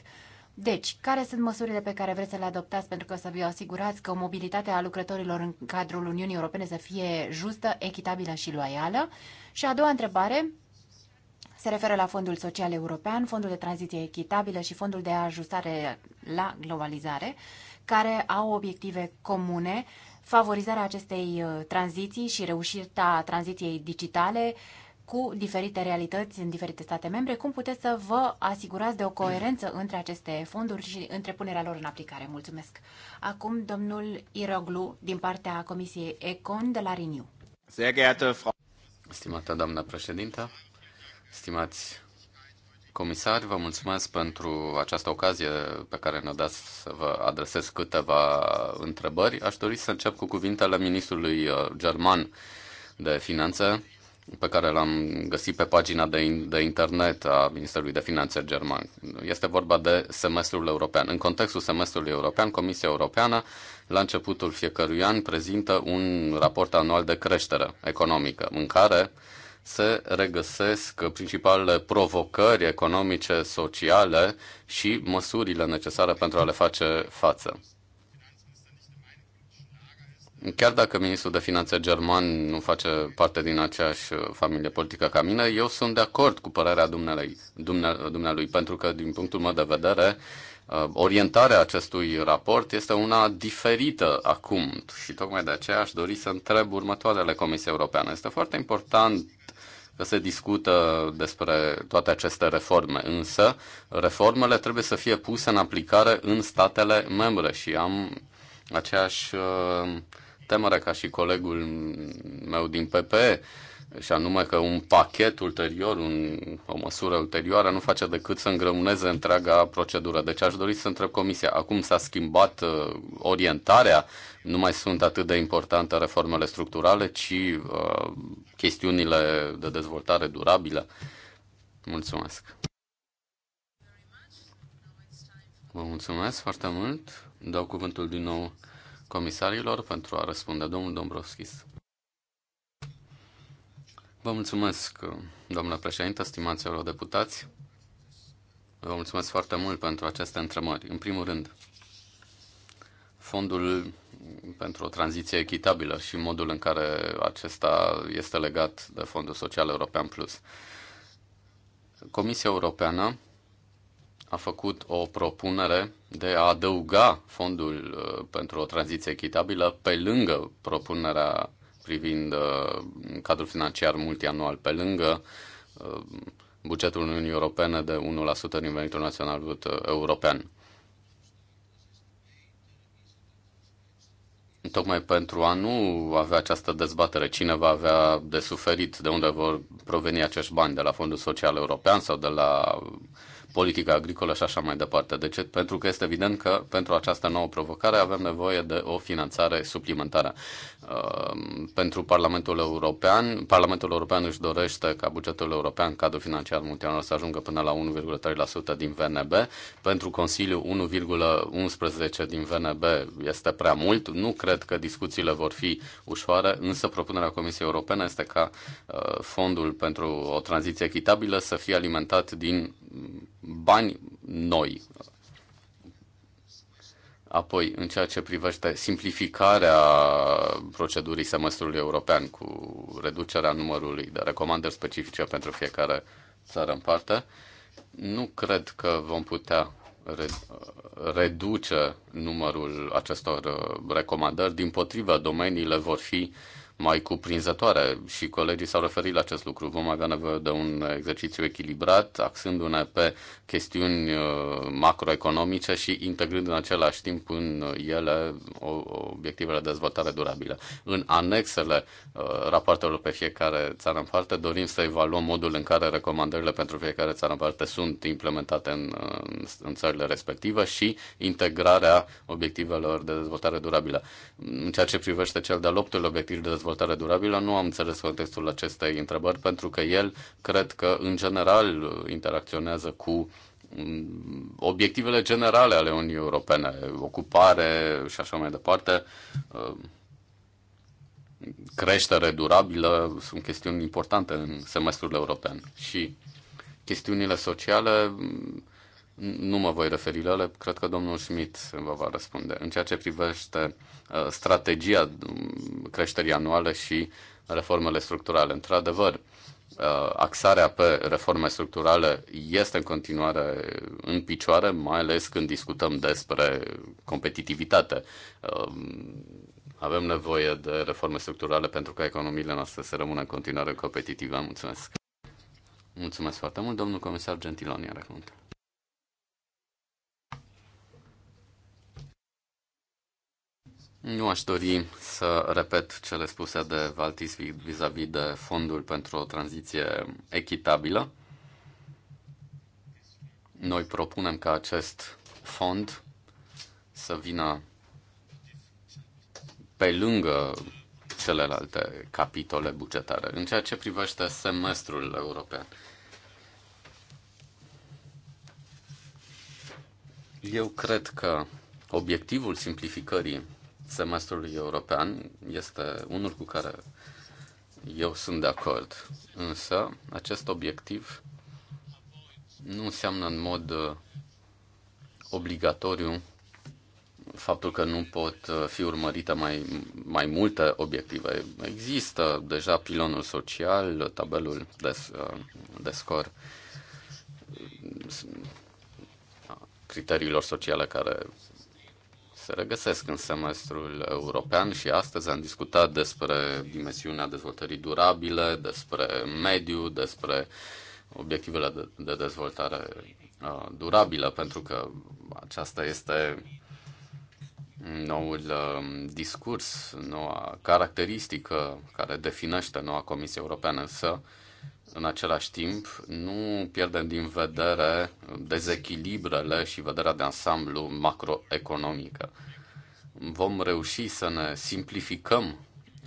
Deci, care sunt măsurile pe care vreți să le adoptați pentru că să vă asigurați că mobilitatea lucrătorilor în cadrul Uniunii Europene să fie justă, echitabilă și loială? Și a doua întrebare se referă la Fondul Social European, Fondul de Tranziție Echitabilă și Fondul de Ajustare la Globalizare, care au obiective comune, favorizarea acestei uh, tranziții și reușita tranziției digitale, uh, cu diferite realități în diferite state membre, cum puteți să vă asigurați de o coerență între aceste fonduri și între punerea lor în aplicare? Mulțumesc. Acum, domnul Iroglu, din partea Comisiei Econ de la Renew. Stimată doamnă președintă, stimați comisari, vă mulțumesc pentru această ocazie pe care ne-o dați să vă adresez câteva întrebări. Aș dori să încep cu cuvintele ministrului uh, german de finanțe, pe care l-am găsit pe pagina de, de internet a Ministerului de Finanțe german. Este vorba de semestrul european. În contextul semestrului european, Comisia Europeană, la începutul fiecărui an, prezintă un raport anual de creștere economică, în care se regăsesc principalele provocări economice, sociale și măsurile necesare pentru a le face față. Chiar dacă ministrul de finanțe german nu face parte din aceeași familie politică ca mine, eu sunt de acord cu părerea dumnealui, dumnealui pentru că, din punctul meu de vedere, uh, orientarea acestui raport este una diferită acum și tocmai de aceea aș dori să întreb următoarele Comisia Europeană. Este foarte important că se discută despre toate aceste reforme, însă reformele trebuie să fie puse în aplicare în statele membre și am aceeași uh, temerea ca și colegul meu din PPE, și anume că un pachet ulterior, un, o măsură ulterioară, nu face decât să îngrămâneze întreaga procedură. Deci aș dori să întreb Comisia, acum s-a schimbat uh, orientarea, nu mai sunt atât de importante reformele structurale, ci uh, chestiunile de dezvoltare durabilă. Mulțumesc! Vă mulțumesc foarte mult! Dau cuvântul din nou comisarilor pentru a răspunde. Domnul Dombrovskis. Vă mulțumesc, domnule președinte, stimați eurodeputați. Vă mulțumesc foarte mult pentru aceste întrebări. În primul rând, fondul pentru o tranziție echitabilă și modul în care acesta este legat de Fondul Social European Plus. Comisia Europeană a făcut o propunere de a adăuga fondul uh, pentru o tranziție echitabilă pe lângă propunerea privind uh, cadrul financiar multianual, pe lângă uh, bugetul Uniunii Europene de 1% din venitul național brut european. Tocmai pentru a nu avea această dezbatere, cine va avea de suferit, de unde vor proveni acești bani, de la Fondul Social European sau de la politica agricolă și așa mai departe. Deci, pentru că este evident că pentru această nouă provocare avem nevoie de o finanțare suplimentară. Uh, pentru Parlamentul European, Parlamentul European își dorește ca bugetul european, cadrul financiar multianual, să ajungă până la 1,3% din VNB. Pentru Consiliu, 1,11% din VNB este prea mult. Nu cred că discuțiile vor fi ușoare, însă propunerea Comisiei Europene este ca uh, fondul pentru o tranziție echitabilă să fie alimentat din bani noi. Apoi, în ceea ce privește simplificarea procedurii semestrului european cu reducerea numărului de recomandări specifice pentru fiecare țară în parte, nu cred că vom putea reduce numărul acestor uh, recomandări. Din potrivă, domeniile vor fi uh, mai cuprinzătoare și colegii s-au referit la acest lucru. Vom avea nevoie de un exercițiu echilibrat, axându-ne pe chestiuni uh, macroeconomice și integrând în același timp în ele obiectivele de dezvoltare durabilă. În anexele uh, rapoartelor pe fiecare țară în parte dorim să evaluăm modul în care recomandările pentru fiecare țară în parte sunt implementate în, uh, în țările respective și integrarea obiectivelor de dezvoltare durabilă. În ceea ce privește cel de-al optul obiectiv de dezvoltare dezvoltare durabilă. Nu am înțeles contextul acestei întrebări pentru că el cred că în general interacționează cu mm, obiectivele generale ale Uniunii Europene, ocupare și așa mai departe, uh, creștere durabilă, sunt chestiuni importante în semestrul european. Și chestiunile sociale mm, nu mă voi referi la ele, cred că domnul Schmidt vă va răspunde. În ceea ce privește uh, strategia um, creșterii anuale și reformele structurale, într-adevăr, uh, axarea pe reforme structurale este în continuare în picioare, mai ales când discutăm despre competitivitate. Uh, avem nevoie de reforme structurale pentru ca economiile noastre să rămână în continuare competitive. Mulțumesc! Mulțumesc foarte mult, domnul comisar Gentiloni, are cuvântul. Nu aș dori să repet cele spuse de Valtis vis-a-vis -vis de fondul pentru o tranziție echitabilă. Noi propunem ca acest fond să vină pe lângă celelalte capitole bugetare, în ceea ce privește semestrul european. Eu cred că obiectivul simplificării semestrului european este unul cu care eu sunt de acord, însă acest obiectiv nu înseamnă în mod uh, obligatoriu faptul că nu pot uh, fi urmărite mai, mai multe obiective. Există deja pilonul social, tabelul de, uh, de scor criteriilor sociale care se regăsesc în semestrul european și astăzi am discutat despre dimensiunea dezvoltării durabile, despre mediu, despre obiectivele de, dezvoltare uh, durabilă, pentru că aceasta este noul um, discurs, noua caracteristică care definește noua Comisie Europeană, însă în același timp, nu pierdem din vedere dezechilibrele și vederea de ansamblu macroeconomică. Vom reuși să ne simplificăm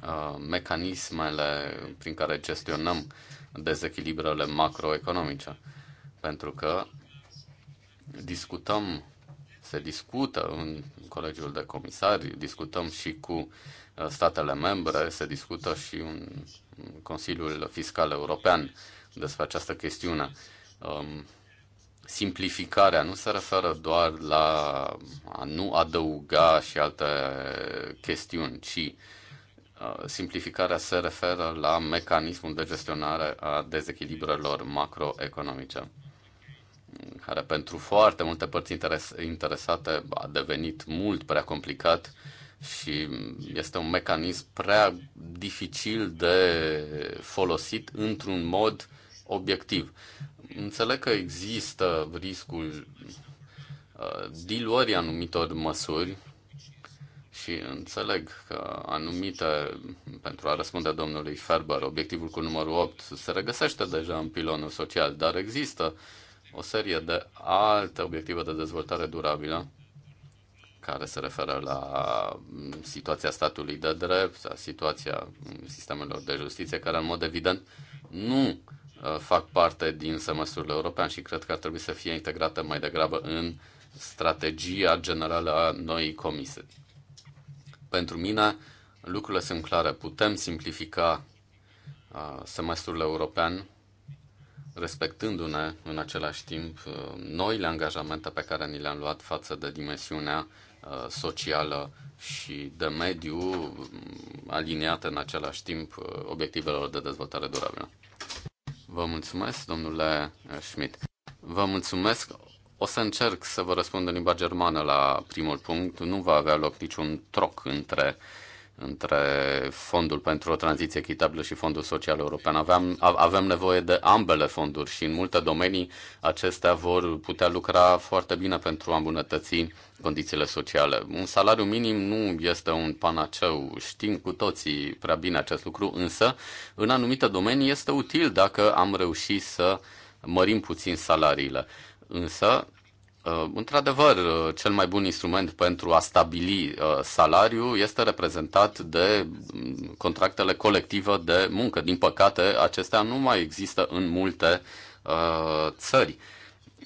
uh, mecanismele prin care gestionăm dezechilibrele macroeconomice. Pentru că discutăm, se discută în Colegiul de Comisari, discutăm și cu uh, statele membre, se discută și în Consiliul Fiscal European despre această chestiune. Um, simplificarea nu se referă doar la a nu adăuga și alte chestiuni, ci uh, simplificarea se referă la mecanismul de gestionare a dezechilibrelor macroeconomice care pentru foarte multe părți interes- interesate a devenit mult prea complicat și este un mecanism prea dificil de folosit într-un mod obiectiv. Înțeleg că există riscul uh, diluării anumitor măsuri și înțeleg că anumite, pentru a răspunde domnului Ferber, obiectivul cu numărul 8 se regăsește deja în pilonul social, dar există o serie de alte obiective de dezvoltare durabilă care se referă la mm, situația statului de drept, la situația mm, sistemelor de justiție, care în mod evident nu uh, fac parte din semestrul european și cred că ar trebui să fie integrată mai degrabă în strategia generală a noii comisii. Pentru mine, lucrurile sunt clare. Putem simplifica uh, semestrul european respectându-ne în același timp uh, noile angajamente pe care ni le-am luat față de dimensiunea Uh, socială și de mediu um, aliniată în același timp uh, obiectivelor de dezvoltare durabilă. Vă mulțumesc, domnule uh, Schmidt. Vă mulțumesc. O să încerc să vă răspund în limba germană la primul punct. Nu va avea loc niciun troc între uh, între Fondul pentru o tranziție echitabilă și Fondul Social European. Aveam, avem nevoie de ambele fonduri și în multe domenii acestea vor putea lucra foarte bine pentru a îmbunătăți condițiile sociale. Un salariu minim nu este un panaceu, știm cu toții prea bine acest lucru, însă în anumite domenii este util dacă am reușit să mărim puțin salariile. Însă Uh, într-adevăr, uh, cel mai bun instrument pentru a stabili uh, salariu este reprezentat de mm, contractele colective de muncă. Din păcate, acestea nu mai există în multe țări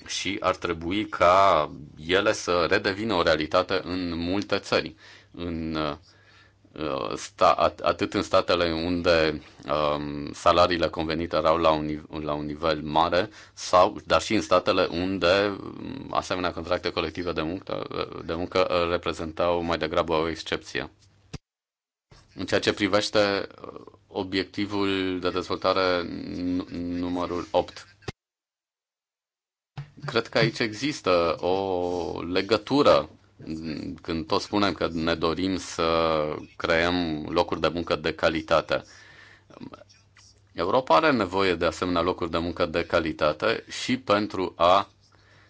și ar trebui ca ele să redevină o realitate în multe țări. În Uh, sta, atât în statele unde um, salariile convenite erau la un, la un nivel mare, sau, dar și în statele unde um, asemenea contracte colective de muncă, uh, de muncă uh, reprezentau mai degrabă o excepție. În ceea ce privește obiectivul de dezvoltare numărul 8, cred că aici există o legătură când tot spunem că ne dorim să creăm locuri de muncă de calitate, Europa are nevoie de asemenea locuri de muncă de calitate și pentru a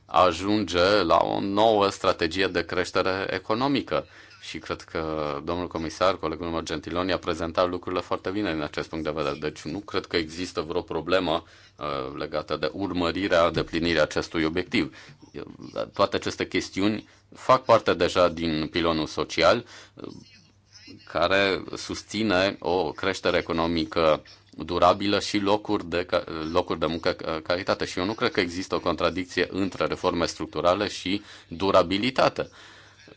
ajunge la o nouă strategie de creștere economică și cred că domnul comisar, colegul meu Gentiloni, a prezentat lucrurile foarte bine din acest punct de vedere. Deci nu cred că există vreo problemă uh, legată de urmărirea, deplinirea acestui obiectiv. Toate aceste chestiuni fac parte deja din pilonul social uh, care susține o creștere economică durabilă și locuri de, locuri de muncă uh, calitate. Și eu nu cred că există o contradicție între reforme structurale și durabilitate. Uh,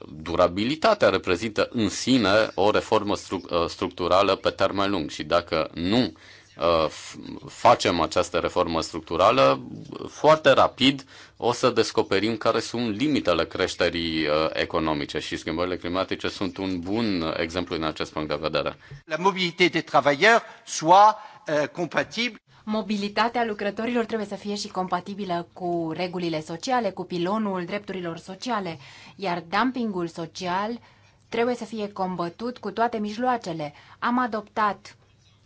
durabilitatea reprezintă în sine o reformă stru- uh, structurală pe termen lung și dacă nu uh, facem această reformă structurală, foarte rapid o să descoperim care sunt limitele creșterii uh, economice și schimbările climatice sunt un bun exemplu în acest punct de vedere. La mobilitate de travailleurs soit compatible mobilitatea lucrătorilor trebuie să fie și compatibilă cu regulile sociale, cu pilonul drepturilor sociale, iar dumpingul social trebuie să fie combătut cu toate mijloacele. Am adoptat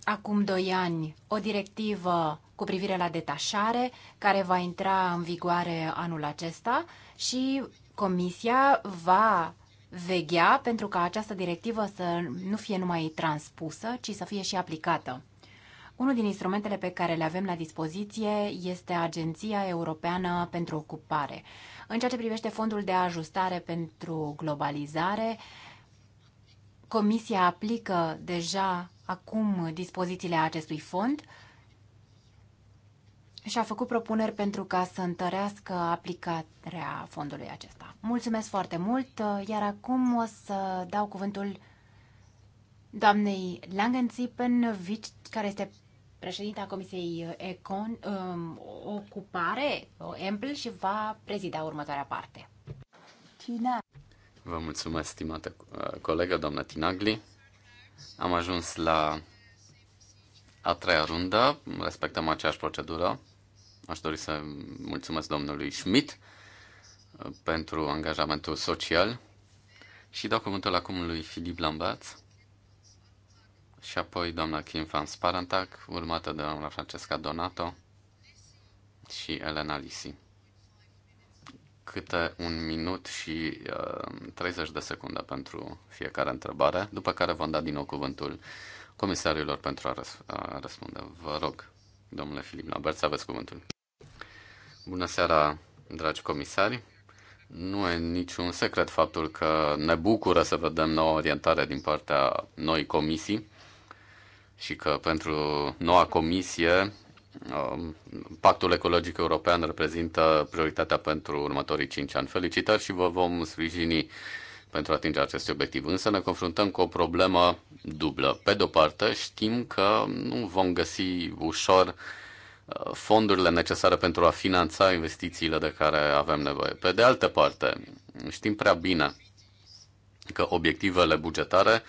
acum doi ani o directivă cu privire la detașare, care va intra în vigoare anul acesta și Comisia va veghea pentru ca această directivă să nu fie numai transpusă, ci să fie și aplicată. Unul din instrumentele pe care le avem la dispoziție este Agenția Europeană pentru Ocupare. În ceea ce privește fondul de ajustare pentru globalizare, Comisia aplică deja acum dispozițiile acestui fond și a făcut propuneri pentru ca să întărească aplicarea fondului acesta. Mulțumesc foarte mult, iar acum o să dau cuvântul doamnei Langenzipen, care este președinta Comisiei Econ, um, Ocupare, Ample, și va prezida următoarea parte. Tina. Vă mulțumesc, stimată uh, colegă, doamna Tinagli. Am ajuns la a treia rundă, respectăm aceeași procedură. Aș dori să mulțumesc domnului Schmidt uh, pentru angajamentul social și dau cuvântul acum lui Filip Lambați și apoi doamna Kim van Sparantac, urmată de doamna Francesca Donato și Elena Lisi. Câte un minut și uh, 30 de secunde pentru fiecare întrebare, după care vom da din nou cuvântul comisarilor pentru a, răs- a răspunde. Vă rog, domnule Filip Lambert, să aveți cuvântul. Bună seara, dragi comisari! Nu e niciun secret faptul că ne bucură să vedem nouă orientare din partea noi comisii și că pentru noua comisie um, Pactul Ecologic European reprezintă prioritatea pentru următorii 5 ani. Felicitări și vă vom sprijini pentru a atinge acest obiectiv. Însă ne confruntăm cu o problemă dublă. Pe de-o parte, știm că nu vom găsi ușor uh, fondurile necesare pentru a finanța investițiile de care avem nevoie. Pe de altă parte, știm prea bine că obiectivele bugetare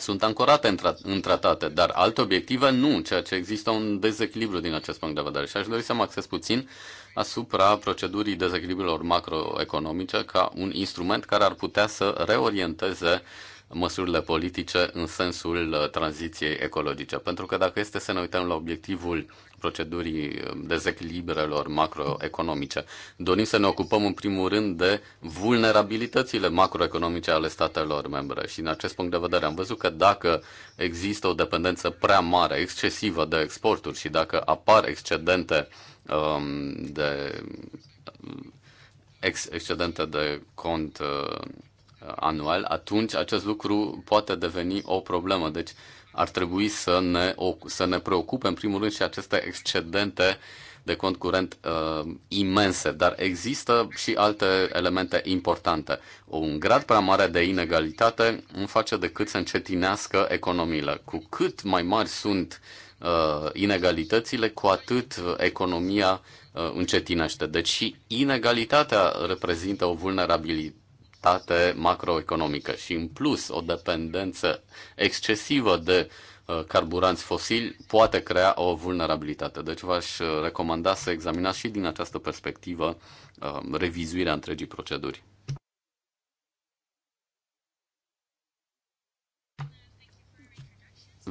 sunt ancorate în, tra- în tratate, dar alte obiective nu, ceea ce există un dezechilibru din acest punct de vedere. Și aș dori să mă acces puțin asupra procedurii dezechilibrilor macroeconomice ca un instrument care ar putea să reorienteze măsurile politice în sensul uh, tranziției ecologice. Pentru că dacă este să ne uităm la obiectivul procedurii uh, dezechilibrelor macroeconomice, dorim să ne ocupăm în primul rând de vulnerabilitățile macroeconomice ale statelor membre. Și în acest punct de vedere am văzut că dacă există o dependență prea mare, excesivă de exporturi și dacă apar excedente um, de excedente de cont uh, anual, atunci acest lucru poate deveni o problemă. Deci ar trebui să ne, să ne preocupe în primul rând și aceste excedente de cont curent uh, imense, dar există și alte elemente importante. Un grad prea mare de inegalitate nu face decât să încetinească economiile. Cu cât mai mari sunt uh, inegalitățile, cu atât uh, economia uh, încetinește. Deci și inegalitatea reprezintă o vulnerabilitate instabilitate macroeconomică și în plus o dependență excesivă de uh, carburanți fosili poate crea o vulnerabilitate. Deci v-aș uh, recomanda să examinați și din această perspectivă uh, revizuirea întregii proceduri.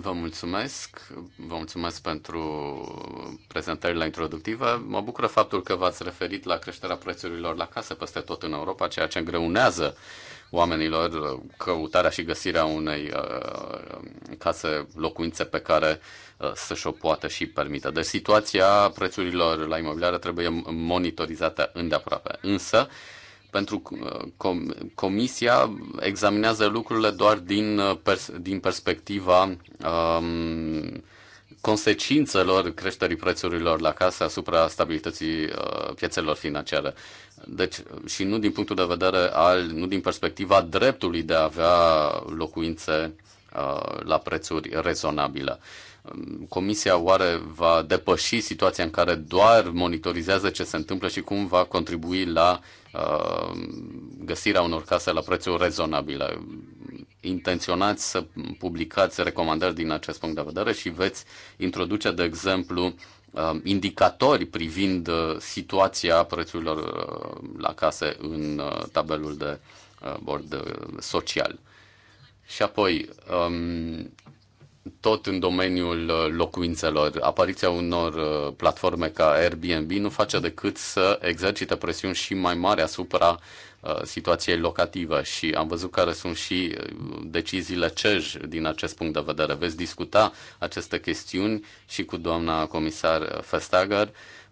Vă mulțumesc, vă mulțumesc pentru prezentările introductive. Mă bucură faptul că v-ați referit la creșterea prețurilor la casă peste tot în Europa, ceea ce îngreunează oamenilor căutarea și găsirea unei uh, case, locuințe pe care uh, să și-o poată și permită. Deci situația prețurilor la imobiliare trebuie monitorizată îndeaproape. Însă, uh, pentru uh, comisia examinează lucrurile doar din, uh, pers, din perspectiva um, consecințelor creșterii prețurilor la casă asupra stabilității uh, piețelor financiare. Deci, și nu din punctul de vedere al, nu din perspectiva dreptului de a avea locuințe uh, la prețuri rezonabile. Comisia oare va depăși situația în care doar monitorizează ce se întâmplă și cum va contribui la uh, găsirea unor case la prețuri rezonabile? Intenționați să publicați recomandări din acest punct de vedere și veți introduce, de exemplu, uh, indicatori privind uh, situația prețurilor uh, la case în uh, tabelul de uh, bord uh, social. Și apoi, um, tot în domeniul uh, locuințelor. Apariția unor uh, platforme ca Airbnb nu face decât să exercite presiuni și mai mari asupra uh, situației locative și am văzut care sunt și deciziile CEJ din acest punct de vedere. Veți discuta aceste chestiuni și cu doamna comisar Festager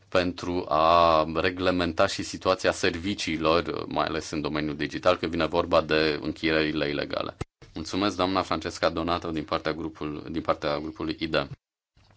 pentru a reglementa și situația serviciilor, mai ales în domeniul digital, că vine vorba de închirierile ilegale. Mulțumesc, doamna Francesca Donato, din partea, grupului, din partea grupului Ida,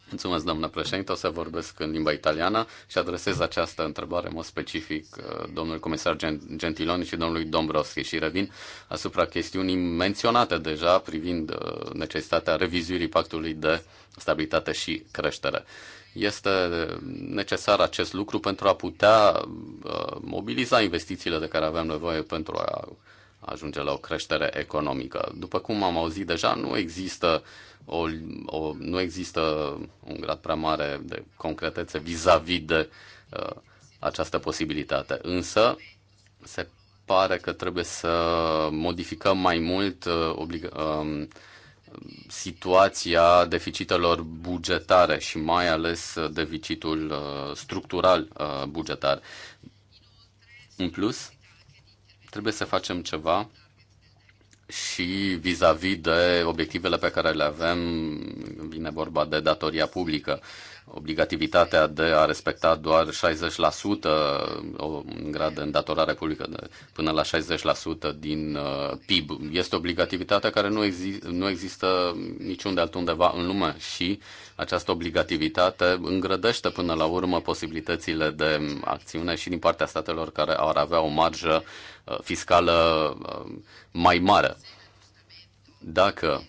Mulțumesc, doamna președinte. O să vorbesc în limba italiană și adresez această întrebare în mod specific uh, domnului comisar Gentiloni și domnului Dombrovski și revin asupra chestiunii menționate deja privind uh, necesitatea revizuirii pactului de stabilitate și creștere. Este uh, necesar acest lucru pentru a putea mobiliza investițiile de care avem nevoie pentru a ajunge la o creștere economică. După cum am auzit deja, nu există, o, o, nu există un grad prea mare de concretețe vis-a-vis -vis de uh, această posibilitate. Însă, se pare că trebuie să modificăm mai mult uh, oblig- uh, um, situația deficitelor bugetare și mai ales deficitul uh, structural uh, bugetar. În plus, Trebuie să facem ceva și vis-a-vis de obiectivele pe care le avem, vine vorba de datoria publică obligativitatea de a respecta doar 60%, o grad de îndatorare publică de până la 60% din uh, PIB. Este obligativitatea care nu, exi- nu există niciunde altundeva în lume și această obligativitate îngrădește până la urmă posibilitățile de acțiune și din partea statelor care ar avea o marjă uh, fiscală uh, mai mare. Dacă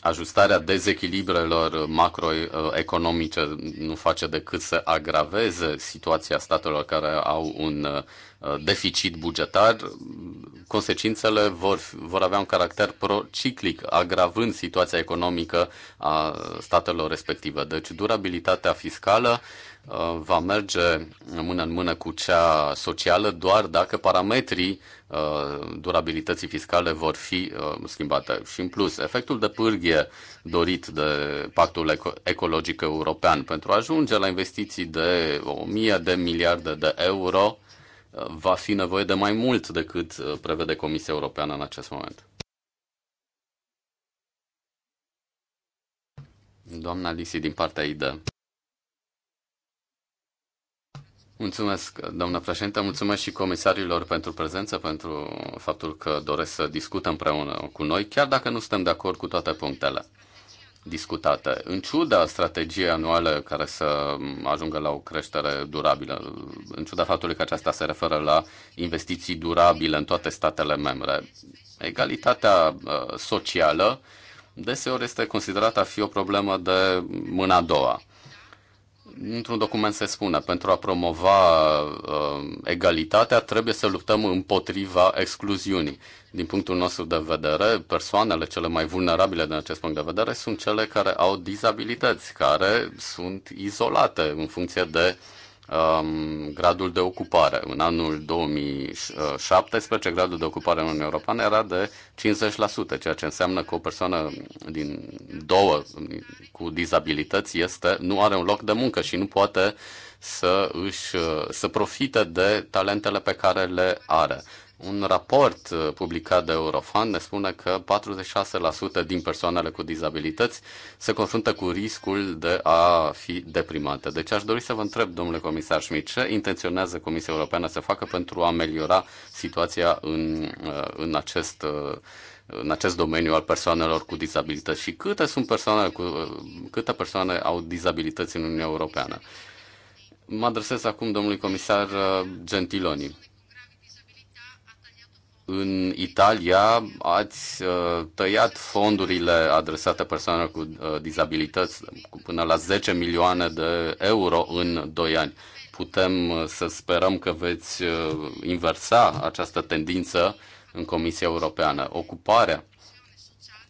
ajustarea dezechilibrelor macroeconomice nu face decât să agraveze situația statelor care au un uh, deficit bugetar, consecințele vor, vor avea un caracter prociclic, agravând situația economică a statelor respective. Deci durabilitatea fiscală Uh, va merge mână în mână cu cea socială doar dacă parametrii uh, durabilității fiscale vor fi uh, schimbate. Și în plus, efectul de pârghie dorit de Pactul Ecologic European pentru a ajunge la investiții de 1000 de miliarde de euro va fi nevoie de mai mult decât prevede Comisia Europeană în acest moment. Doamna Lisi din partea IDE. Mulțumesc, doamna președinte, mulțumesc și comisarilor pentru prezență, pentru faptul că doresc să discutăm împreună cu noi, chiar dacă nu suntem de acord cu toate punctele discutate. În ciuda strategiei anuale care să ajungă la o creștere durabilă, în ciuda faptului că aceasta se referă la investiții durabile în toate statele membre, egalitatea uh, socială deseori este considerată a fi o problemă de mâna a doua într-un document se spune, pentru a promova uh, egalitatea trebuie să luptăm împotriva excluziunii. Din punctul nostru de vedere, persoanele cele mai vulnerabile din acest punct de vedere sunt cele care au dizabilități, care sunt izolate în funcție de um, gradul de ocupare. În anul 2017, gradul de ocupare în Uniunea Europeană era de 50%, ceea ce înseamnă că o persoană din două cu dizabilități este, nu are un loc de muncă și nu poate să, își, să profite de talentele pe care le are. Un raport uh, publicat de Eurofan ne spune că 46% din persoanele cu dizabilități se confruntă cu riscul de a fi deprimate. Deci aș dori să vă întreb, domnule comisar Schmidt, ce intenționează Comisia Europeană să facă pentru a ameliora situația în, uh, în acest uh, în acest domeniu al persoanelor cu dizabilități și câte sunt persoane cu, câte persoane au dizabilități în Uniunea Europeană. Mă adresez acum domnului comisar Gentiloni în Italia ați uh, tăiat fondurile adresate persoanelor cu uh, dizabilități cu până la 10 milioane de euro în 2 ani. Putem uh, să sperăm că veți inversa această tendință în Comisia Europeană. Ocuparea,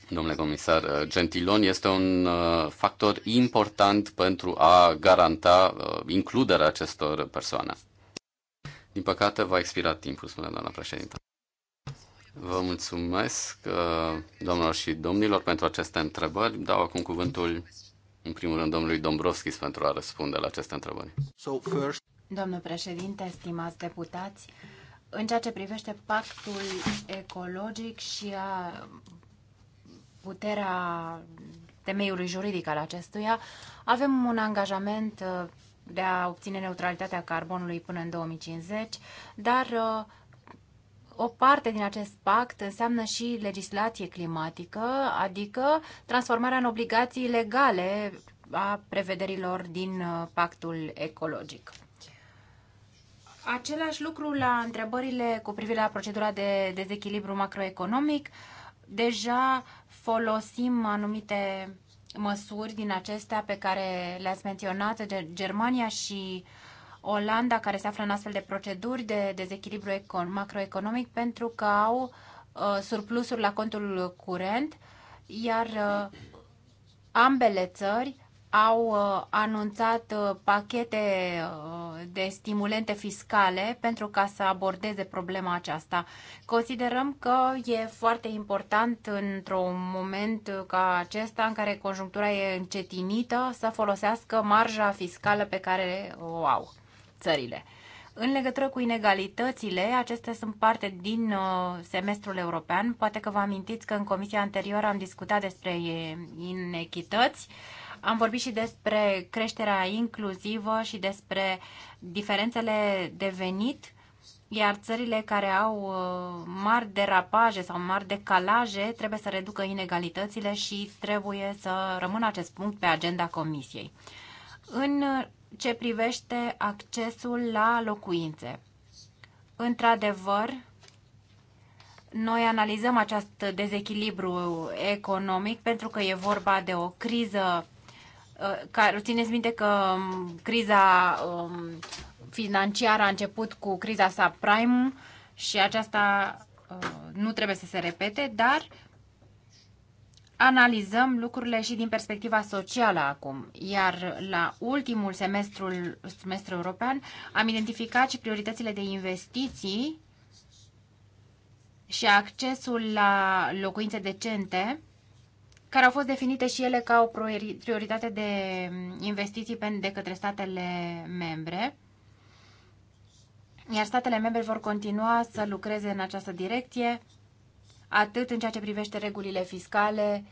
domnule comisar Gentilon, este un factor important pentru a garanta includerea acestor persoane. Din păcate, va expira timpul, spune doamna președintă. Vă mulțumesc, uh, domnilor și domnilor, pentru aceste întrebări. Dau acum cuvântul, în primul rând, domnului Dombrovskis pentru a răspunde la aceste întrebări. So first... Domnul președinte, stimați deputați, în ceea ce privește pactul ecologic și a puterea temeiului juridic al acestuia, avem un angajament uh, de a obține neutralitatea carbonului până în 2050, dar uh, o parte din acest pact înseamnă și legislație climatică, adică transformarea în obligații legale a prevederilor din uh, pactul ecologic. Același lucru la întrebările cu privire la procedura de dezechilibru macroeconomic. Deja folosim anumite măsuri din acestea pe care le-ați menționat, Germania și uh, Olanda, care se află în astfel de proceduri de dezechilibru macroeconomic pentru că au uh, surplusuri la contul curent, iar uh, ambele țări au uh, anunțat pachete de stimulente fiscale pentru ca să abordeze problema aceasta. Considerăm că e foarte important într-un moment ca acesta în care conjunctura e încetinită să folosească marja fiscală pe care o au țările. În legătură cu inegalitățile, acestea sunt parte din uh, semestrul european. Poate că vă amintiți că în comisia anterioară am discutat despre inechități. Am vorbit și despre creșterea inclusivă și despre diferențele de venit, iar țările care au uh, mari derapaje sau mari decalaje trebuie să reducă inegalitățile și trebuie să rămână acest punct pe agenda Comisiei. În ce privește accesul la locuințe. Într-adevăr, noi analizăm acest dezechilibru economic pentru că e vorba de o criză uh, care, țineți minte că um, criza um, financiară a început cu criza subprime și aceasta uh, nu trebuie să se repete, dar analizăm lucrurile și din perspectiva socială acum, iar la ultimul semestrul, semestru european am identificat și prioritățile de investiții și accesul la locuințe decente, care au fost definite și ele ca o prioritate de investiții de către statele membre. Iar statele membre vor continua să lucreze în această direcție atât în ceea ce privește regulile fiscale,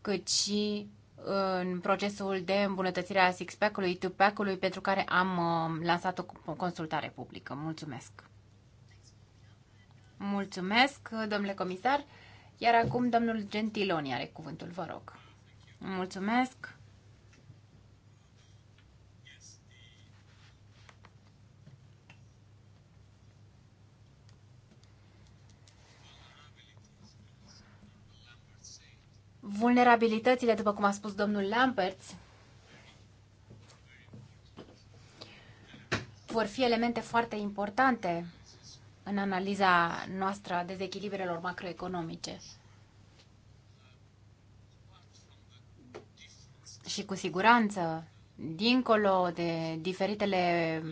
cât și uh, în procesul de îmbunătățire a six-pack-ului, two-pack-ului, pentru care am uh, lansat o consultare publică. Mulțumesc! Mulțumesc, domnule comisar! Iar acum domnul Gentiloni are cuvântul, vă rog. Mulțumesc! vulnerabilitățile, după cum a spus domnul Lamperts, vor fi elemente foarte importante în analiza noastră a dezechilibrelor macroeconomice. Și cu siguranță, dincolo de diferitele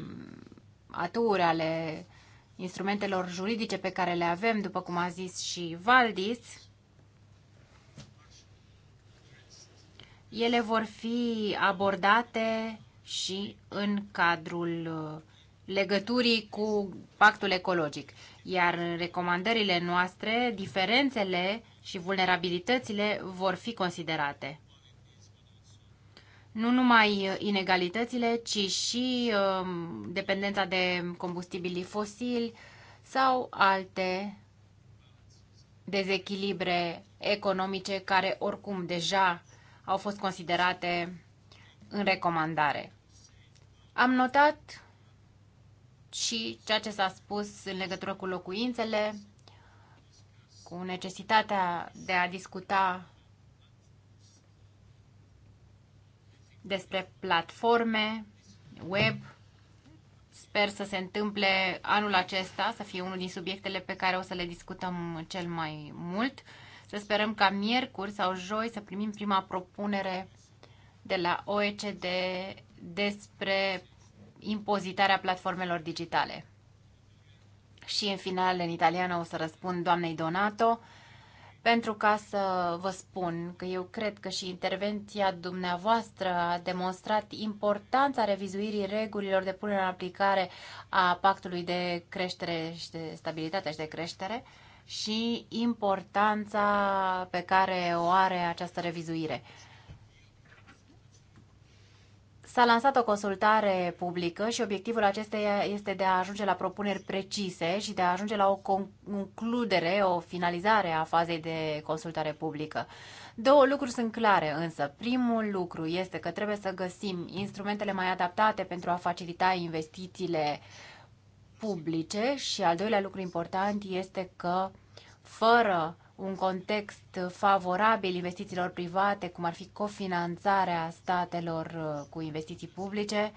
aturi ale instrumentelor juridice pe care le avem, după cum a zis și Valdis, ele vor fi abordate și în cadrul uh, legăturii cu pactul ecologic. Iar recomandările noastre, diferențele și vulnerabilitățile vor fi considerate. Nu numai uh, inegalitățile, ci și um, dependența de combustibilii fosili sau alte dezechilibre economice care oricum deja au fost considerate în recomandare. Am notat și ceea ce s-a spus în legătură cu locuințele, cu necesitatea de a discuta despre platforme web. Sper să se întâmple anul acesta, să fie unul din subiectele pe care o să le discutăm cel mai mult. Să sperăm ca miercuri sau joi să primim prima propunere de la OECD despre impozitarea platformelor digitale. Și în final, în italiană, o să răspund doamnei Donato, pentru ca să vă spun că eu cred că și intervenția dumneavoastră a demonstrat importanța revizuirii regulilor de punere în aplicare a pactului de creștere și de stabilitate și de creștere, și importanța pe care o are această revizuire. S-a lansat o consultare publică și obiectivul acesteia este de a ajunge la propuneri precise și de a ajunge la o concludere, o finalizare a fazei de consultare publică. Două lucruri sunt clare, însă. Primul lucru este că trebuie să găsim instrumentele mai adaptate pentru a facilita investițiile uh, publice și al doilea lucru important este că fără un context favorabil investițiilor private, cum ar fi cofinanțarea statelor uh, cu investiții publice,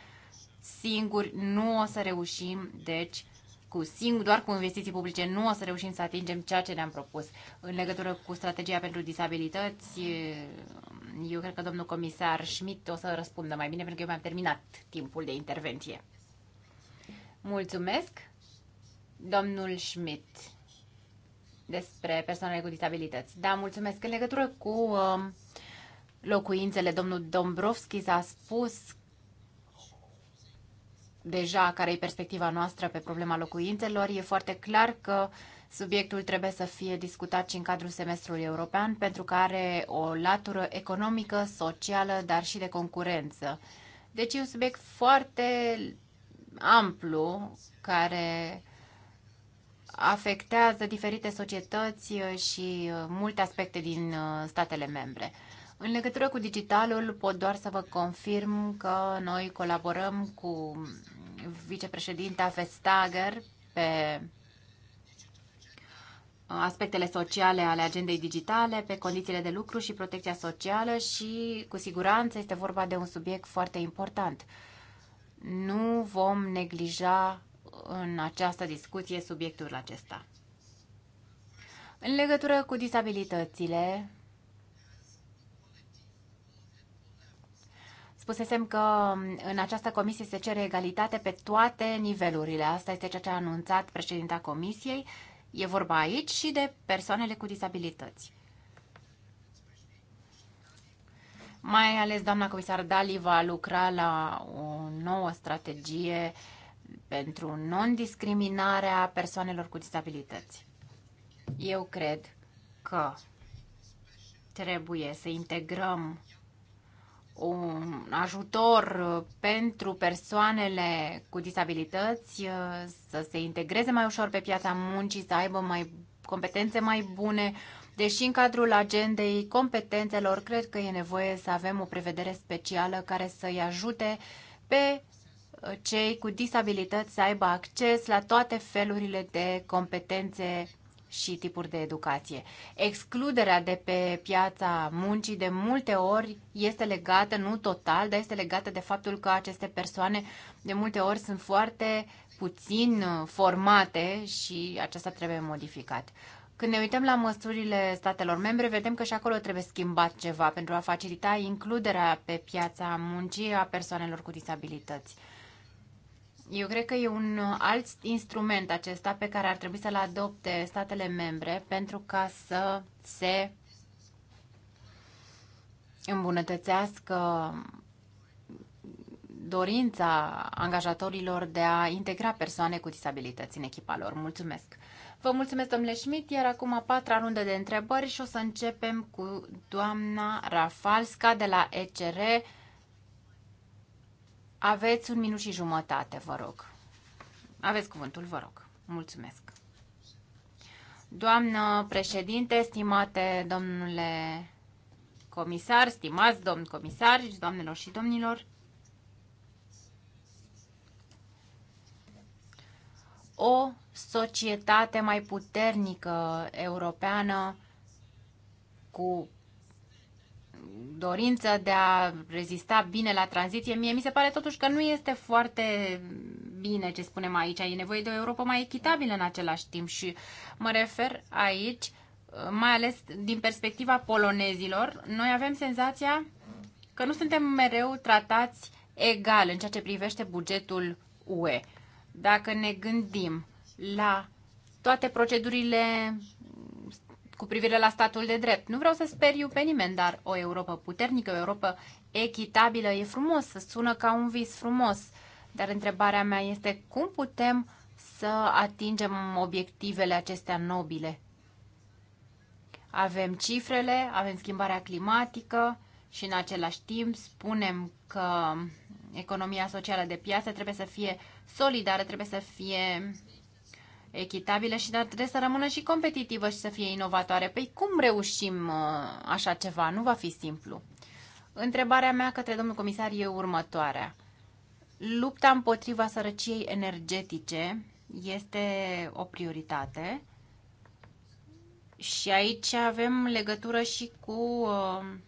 singuri nu o să reușim, deci cu singur, doar cu investiții publice nu o să reușim să atingem ceea ce ne-am propus. În legătură cu strategia pentru disabilități, uh, eu cred că domnul comisar Schmidt o să răspundă mai bine, pentru că eu mi-am terminat timpul de intervenție. Mulțumesc, domnul Schmidt, despre persoanele cu disabilități. Da, mulțumesc. În legătură cu um, locuințele, domnul Dombrovski s-a spus deja care e perspectiva noastră pe problema locuințelor. E foarte clar că subiectul trebuie să fie discutat și în cadrul semestrului european, pentru că are o latură economică, socială, dar și de concurență. Deci e un subiect foarte amplu care afectează diferite societăți uh, și uh, multe aspecte din uh, statele membre. În legătură cu digitalul, pot doar să vă confirm că noi colaborăm cu vicepreședinta Vestager pe aspectele sociale ale agendei digitale, pe condițiile de lucru și protecția socială și, cu siguranță, este vorba de un subiect foarte important nu vom neglija în această discuție subiectul acesta. În legătură cu disabilitățile, spusesem că în această comisie se cere egalitate pe toate nivelurile. Asta este ceea ce a anunțat președinta comisiei. E vorba aici și de persoanele cu disabilități. Mai ales doamna comisar Dali va lucra la o nouă strategie pentru non-discriminarea persoanelor cu dizabilități. Eu cred că trebuie să integrăm un ajutor pentru persoanele cu disabilități să se integreze mai ușor pe piața muncii, să aibă mai competențe mai bune, Deși în cadrul agendei competențelor cred că e nevoie să avem o prevedere specială care să-i ajute pe uh, cei cu disabilități să aibă acces la toate felurile de competențe și tipuri de educație. Excluderea de pe piața muncii de multe ori este legată, nu total, dar este legată de faptul că aceste persoane de multe ori sunt foarte puțin uh, formate și aceasta trebuie modificat. Când ne uităm la măsurile statelor membre, vedem că și acolo trebuie schimbat ceva pentru a facilita includerea pe piața muncii a persoanelor cu disabilități. Eu cred că e un alt instrument acesta pe care ar trebui să-l adopte statele membre pentru ca să se îmbunătățească dorința angajatorilor de a integra persoane cu disabilități în echipa lor. Mulțumesc! Vă mulțumesc, domnule Schmidt, iar acum a patra rundă de întrebări și o să începem cu doamna Rafalska de la ECR. Aveți un minut și jumătate, vă rog. Aveți cuvântul, vă rog. Mulțumesc. Doamnă președinte, stimate domnule comisar, stimați domn comisar, doamnelor și domnilor, o societate mai puternică europeană cu dorință de a rezista bine la tranziție. Mie mi se pare totuși că nu este foarte bine ce spunem aici. E nevoie de o Europa mai echitabilă în același timp și mă refer aici mai ales din perspectiva polonezilor, noi avem senzația că nu suntem mereu tratați egal în ceea ce privește bugetul UE. Dacă ne gândim la toate procedurile cu privire la statul de drept. Nu vreau să speriu pe nimeni, dar o Europa puternică, o Europa echitabilă e frumos, să sună ca un vis frumos. Dar întrebarea mea este cum putem să atingem obiectivele acestea nobile? Avem cifrele, avem schimbarea climatică și în același timp spunem că economia socială de piață trebuie să fie solidară, trebuie să fie echitabilă și dar trebuie să rămână și competitivă și să fie inovatoare. Păi cum reușim uh, așa ceva? Nu va fi simplu. Întrebarea mea către domnul comisar e următoarea. Lupta împotriva sărăciei energetice este o prioritate și aici avem legătură și cu uh,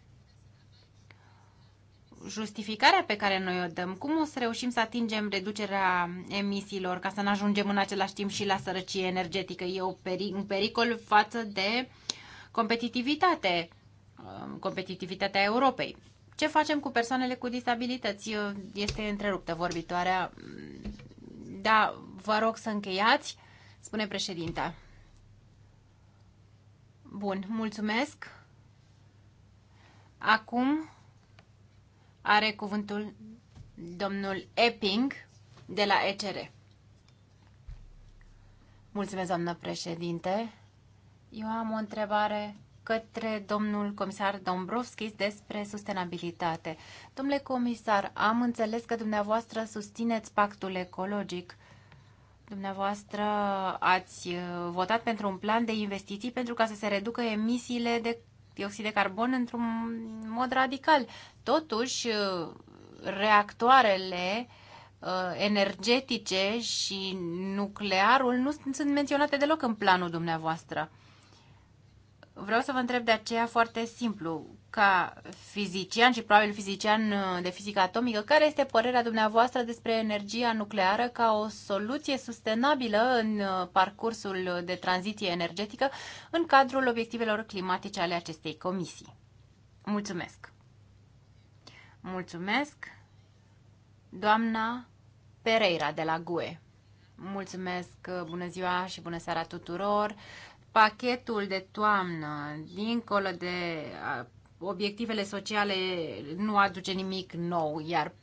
justificarea pe care noi o dăm, cum o să reușim să atingem reducerea emisiilor ca să ne ajungem în același timp și la sărăcie energetică? E un pericol față de competitivitate, um, competitivitatea Europei. Ce facem cu persoanele cu disabilități? Este întreruptă vorbitoarea. Da, vă rog să încheiați, spune președinta. Bun, mulțumesc. Acum are cuvântul domnul Epping de la ECR. Mulțumesc, doamnă președinte. Eu am o întrebare către domnul comisar Dombrovskis despre sustenabilitate. Domnule comisar, am înțeles că dumneavoastră susțineți pactul ecologic. Dumneavoastră ați uh, votat pentru un plan de investiții pentru ca să se reducă emisiile de dioxid de carbon într-un mod radical. Totuși, uh, reactoarele uh, energetice și nuclearul nu sunt menționate deloc în planul dumneavoastră. Vreau să vă întreb de aceea foarte simplu, ca fizician și probabil fizician uh, de fizică atomică, care este părerea dumneavoastră despre energia nucleară ca o soluție sustenabilă în uh, parcursul de tranziție energetică în cadrul obiectivelor climatice ale acestei comisii? Mulțumesc! Mulțumesc, doamna Pereira de la GUE. Mulțumesc, uh, bună ziua și bună seara tuturor pachetul de toamnă, dincolo de obiectivele sociale, nu aduce nimic nou, iar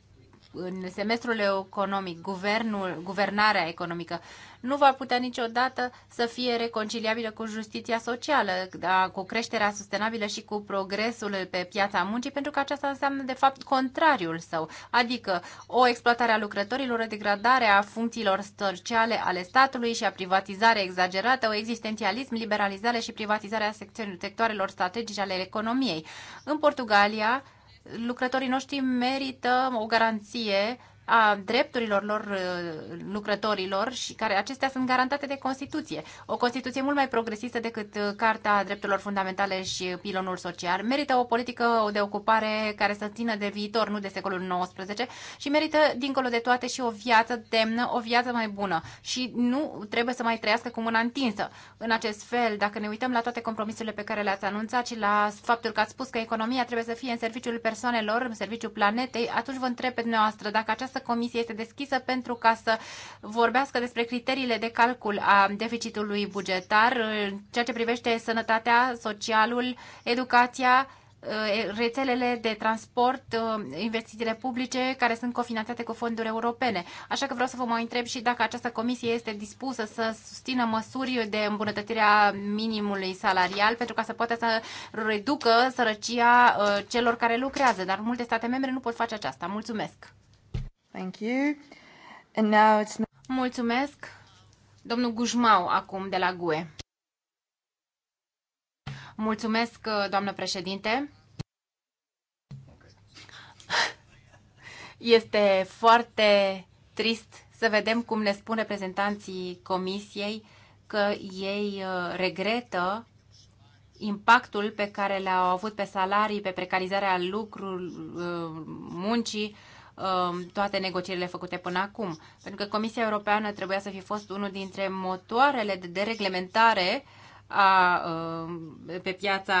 în semestrul economic, guvernul, guvernarea economică, nu va putea niciodată să fie reconciliabilă cu justiția socială, da, cu creșterea sustenabilă și cu progresul pe piața muncii, pentru că aceasta înseamnă, de fapt, contrariul său, adică o exploatare a lucrătorilor, o degradare a funcțiilor sociale ale statului și a privatizare exagerată, o existențialism, liberalizare și privatizarea sectoarelor strategice ale economiei. În Portugalia, lucrătorii noștri merită o garanție a drepturilor lor uh, lucrătorilor și care acestea sunt garantate de Constituție. O Constituție mult mai progresistă decât uh, Carta Drepturilor Fundamentale și pilonul social. Merită o politică de ocupare care să țină de viitor, nu de secolul XIX și merită, dincolo de toate, și o viață demnă, o viață mai bună și nu trebuie să mai trăiască cu mâna întinsă. În acest fel, dacă ne uităm la toate compromisurile pe care le-ați anunțat și la faptul că ați spus că economia trebuie să fie în serviciul persoanelor, în serviciul planetei, atunci vă întreb pe dumneavoastră dacă această această comisie este deschisă pentru ca să vorbească despre criteriile de calcul a deficitului bugetar, ceea ce privește sănătatea, socialul, educația, eh, rețelele de transport, eh, investițiile publice care sunt cofinanțate cu fonduri europene. Așa că vreau să vă mai întreb și dacă această comisie este dispusă să susțină măsuri de îmbunătățire a minimului salarial pentru ca să poată să reducă sărăcia eh, celor care lucrează, dar multe state membre nu pot face aceasta. Mulțumesc! Thank you. And now it's... Mulțumesc. Domnul Gujmau acum de la GUE. Mulțumesc, uh, doamnă președinte. Este foarte trist să vedem cum ne spun reprezentanții comisiei că ei uh, regretă impactul pe care le-au avut pe salarii, pe precarizarea lucrurilor, uh, muncii, Um, toate negocierile făcute până acum. Pentru că Comisia Europeană trebuia să fi fost unul dintre motoarele de dereglementare a, um, pe piața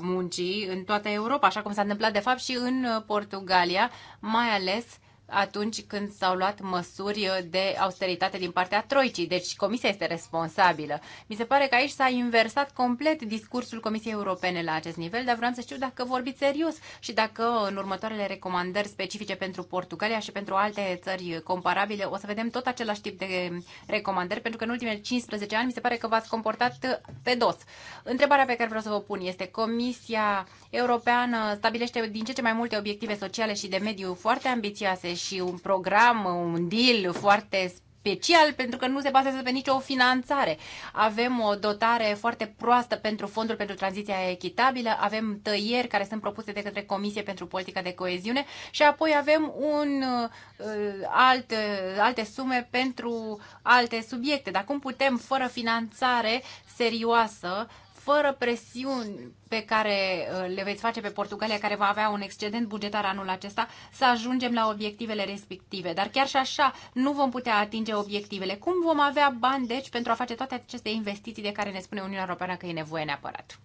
muncii în toată Europa, așa cum s-a întâmplat de fapt și în uh, Portugalia, mai ales atunci când s-au luat măsuri de austeritate din partea Troicii. Deci Comisia este responsabilă. Mi se pare că aici s-a inversat complet discursul Comisiei Europene la acest nivel, dar vreau să știu dacă vorbiți serios și dacă în următoarele recomandări specifice pentru Portugalia și pentru alte țări comparabile o să vedem tot același tip de recomandări, pentru că în ultimele 15 ani mi se pare că v-ați comportat pe dos. Întrebarea pe care vreau să vă pun este Comisia Europeană stabilește din ce ce mai multe obiective sociale și de mediu foarte ambițioase și un program, un deal foarte special pentru că nu se bazează pe nicio finanțare. Avem o dotare foarte proastă pentru fondul pentru tranziția echitabilă, avem tăieri care sunt propuse de către Comisie pentru Politica de Coeziune și apoi avem un uh, alt, uh, alte sume pentru alte subiecte. Dar cum putem, fără finanțare serioasă, fără presiuni pe care uh, le veți face pe Portugalia, care va avea un excedent bugetar anul acesta, să ajungem la obiectivele respective. Dar chiar și așa nu vom putea atinge obiectivele. Cum vom avea bani, deci, pentru a face toate aceste investiții de care ne spune Uniunea Europeană că e nevoie neapărat?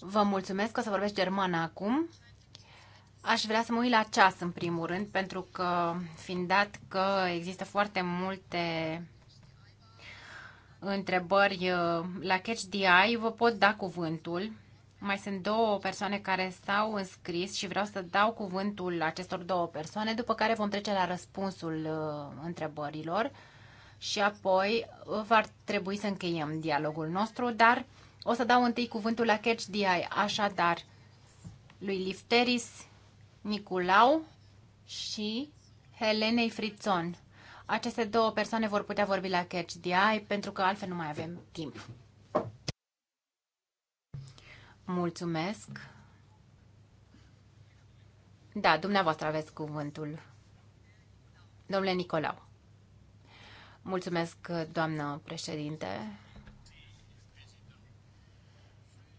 Vă mulțumesc că o să vorbesc germană acum. Aș vrea să mă uit la ceas în primul rând, pentru că, fiind dat că există foarte multe întrebări uh, la Catch the Eye, vă pot da cuvântul. Mai sunt două persoane care s-au înscris și vreau să dau cuvântul acestor două persoane, după care vom trece la răspunsul uh, întrebărilor și apoi uh, va trebui să încheiem dialogul nostru, dar o să dau întâi cuvântul la Catch the Eye, așadar lui Lifteris Nicolau și Helenei Frițon. Aceste două persoane vor putea vorbi la Catch the Eye, pentru că altfel nu mai avem timp. Mulțumesc. Da, dumneavoastră aveți cuvântul. Domnule Nicolau. Mulțumesc, doamnă președinte.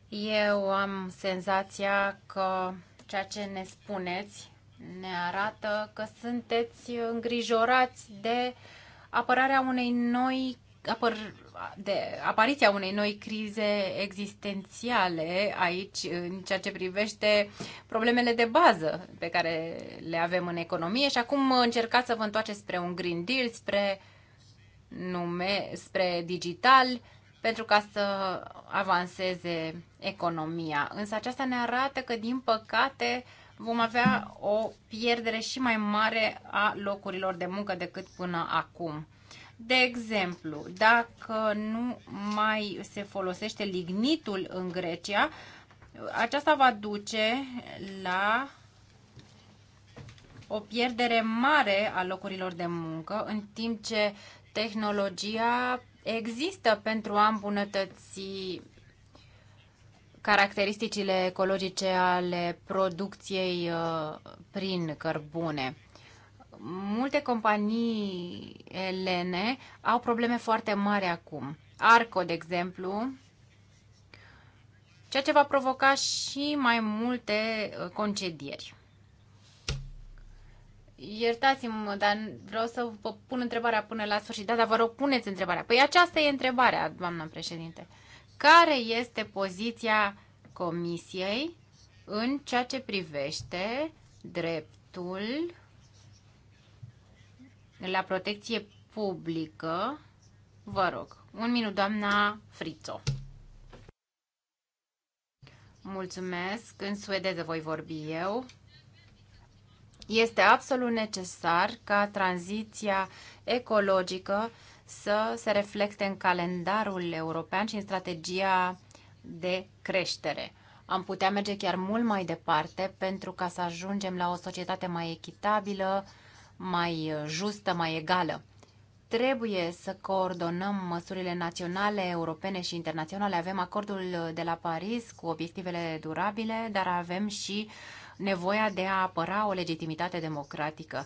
Eu am senzația că ceea ce ne spuneți ne arată că sunteți îngrijorați de apărarea unei noi apăr, de apariția unei noi crize existențiale aici în ceea ce privește problemele de bază pe care le avem în economie și acum încercați să vă întoarceți spre un Green Deal, spre nume, spre digital, pentru ca să avanseze economia. Însă aceasta ne arată că, din păcate, vom avea o pierdere și mai mare a locurilor de muncă decât până acum. De exemplu, dacă nu mai se folosește lignitul în Grecia, aceasta va duce la o pierdere mare a locurilor de muncă, în timp ce tehnologia există pentru a îmbunătăți caracteristicile ecologice ale producției uh, prin cărbune. Multe companii elene au probleme foarte mari acum. Arco, de exemplu, ceea ce va provoca și mai multe uh, concedieri. Iertați-mă, dar vreau să vă pun întrebarea până la sfârșit. Da, dar vă rog, puneți întrebarea. Păi aceasta e întrebarea, doamna președinte care este poziția Comisiei în ceea ce privește dreptul la protecție publică. Vă rog, un minut, doamna Frițo. Mulțumesc, în suedeză voi vorbi eu. Este absolut necesar ca tranziția ecologică să se reflecte în calendarul european și în strategia de creștere. Am putea merge chiar mult mai departe pentru ca să ajungem la o societate mai echitabilă, mai justă, mai egală. Trebuie să coordonăm măsurile naționale, europene și internaționale. Avem acordul de la Paris cu obiectivele durabile, dar avem și nevoia de a apăra o legitimitate democratică.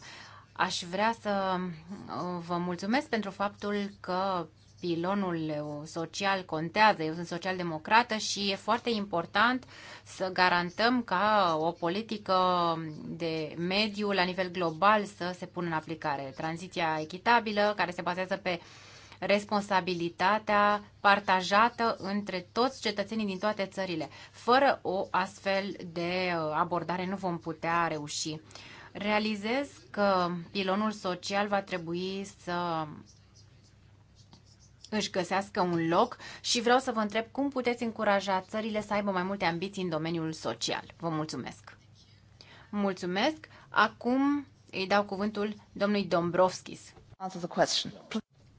Aș vrea să uh, vă mulțumesc pentru faptul că pilonul social contează. Eu sunt social-democrată și e foarte important să garantăm ca o politică de mediu la nivel global să se pună în aplicare. Tranziția echitabilă care se bazează pe responsabilitatea partajată între toți cetățenii din toate țările. Fără o astfel de uh, abordare nu vom putea reuși. Realizez că pilonul social va trebui să își găsească un loc și vreau să vă întreb cum puteți încuraja țările să aibă mai multe ambiții în domeniul social. Vă mulțumesc! Mulțumesc! Acum îi dau cuvântul domnului Dombrovskis.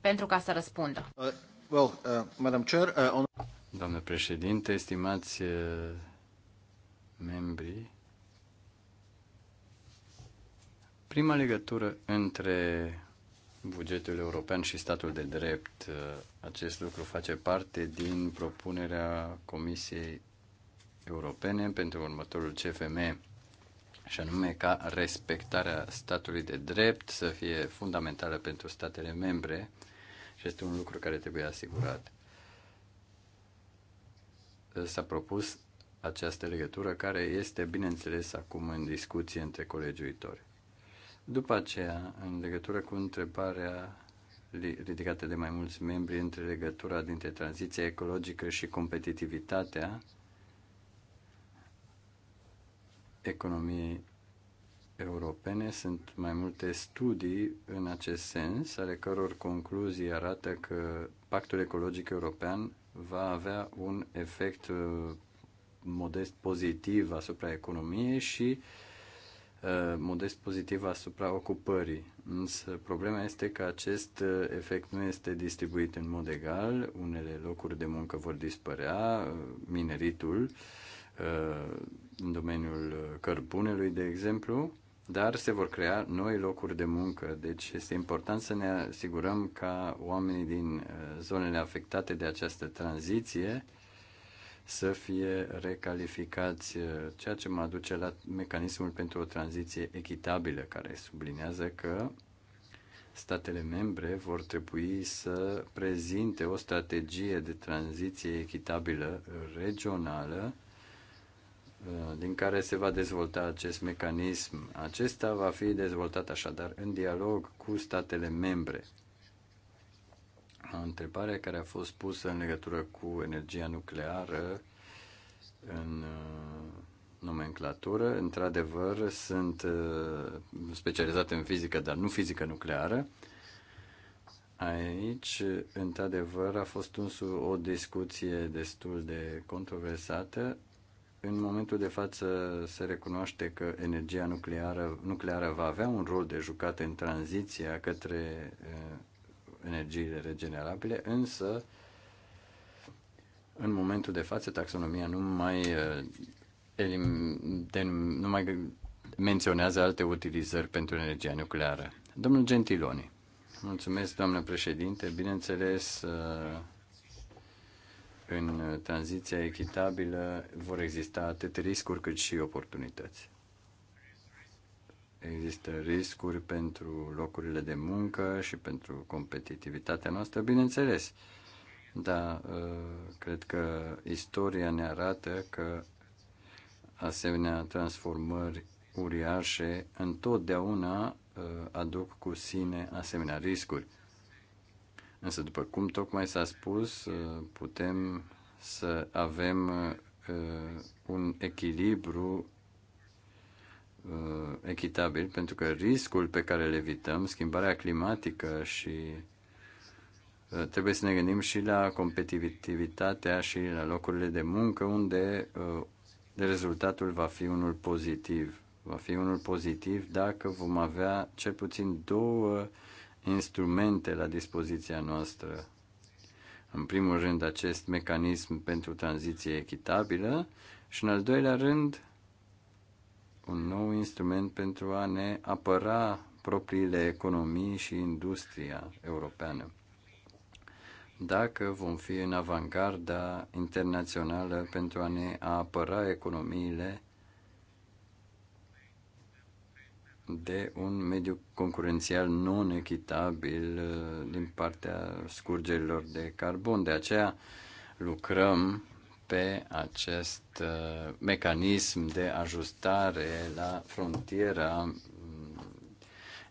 Pentru ca să răspundă. Uh, well, uh, Madam Chair, uh, on... Doamne președinte, estimați uh, membrii, Prima legătură între bugetul european și statul de drept, acest lucru face parte din propunerea Comisiei Europene pentru următorul CFM, și anume ca respectarea statului de drept să fie fundamentală pentru statele membre și este un lucru care trebuie asigurat. S-a propus această legătură care este, bineînțeles, acum în discuție între colegiuitori. După aceea, în legătură cu întrebarea ridicată de mai mulți membri între legătura dintre tranziția ecologică și competitivitatea economiei europene, sunt mai multe studii în acest sens, ale căror concluzii arată că pactul ecologic european va avea un efect uh, modest pozitiv asupra economiei și uh, Uh, modest pozitiv asupra ocupării. Însă problema este că acest uh, efect nu este distribuit în mod egal. Unele locuri de muncă vor dispărea, uh, mineritul în domeniul cărbunelui, de exemplu, dar se vor crea noi locuri de muncă. Deci este important să ne asigurăm ca oamenii din zonele afectate de această tranziție să fie recalificați, uh, ceea ce mă aduce la mecanismul pentru o tranziție echitabilă, care sublinează că statele membre vor trebui să prezinte o strategie de tranziție echitabilă regională uh, din care se va dezvolta acest mecanism. Acesta va fi dezvoltat așadar în dialog cu statele membre. Întrebarea care a fost pusă în legătură cu energia nucleară în uh, nomenclatură, într-adevăr, sunt uh, specializat în fizică, dar nu fizică nucleară. Aici, într-adevăr, a fost un o discuție destul de controversată. În momentul de față se recunoaște că energia nucleară, nucleară va avea un rol de jucat în tranziția către uh, energiile regenerabile, însă în momentul de față taxonomia nu mai, uh, nu mai menționează alte utilizări pentru energia nucleară. Domnul Gentiloni. Mulțumesc, doamnă președinte. Bineînțeles, uh, în tranziția echitabilă vor exista atât riscuri cât și oportunități există riscuri pentru locurile de muncă și pentru competitivitatea noastră, bineînțeles. Dar uh, cred că istoria ne arată că asemenea transformări uriașe întotdeauna uh, aduc cu sine asemenea riscuri. Însă, după cum tocmai s-a spus, uh, putem să avem un echilibru uh, echitabil, pentru că riscul pe care îl evităm, schimbarea climatică și uh, trebuie să ne gândim și la competitivitatea și la locurile de muncă unde uh, rezultatul va fi unul pozitiv. Va fi unul pozitiv dacă vom avea cel puțin două instrumente la dispoziția noastră. În primul rând, acest mecanism pentru tranziție echitabilă și, în al doilea rând, un nou instrument pentru a ne apăra propriile economii și industria europeană. Dacă vom fi în avangarda internațională pentru a ne apăra economiile de un mediu concurențial non-echitabil uh, din partea scurgerilor de carbon. De aceea lucrăm pe acest uh, mecanism de ajustare la frontiera mm,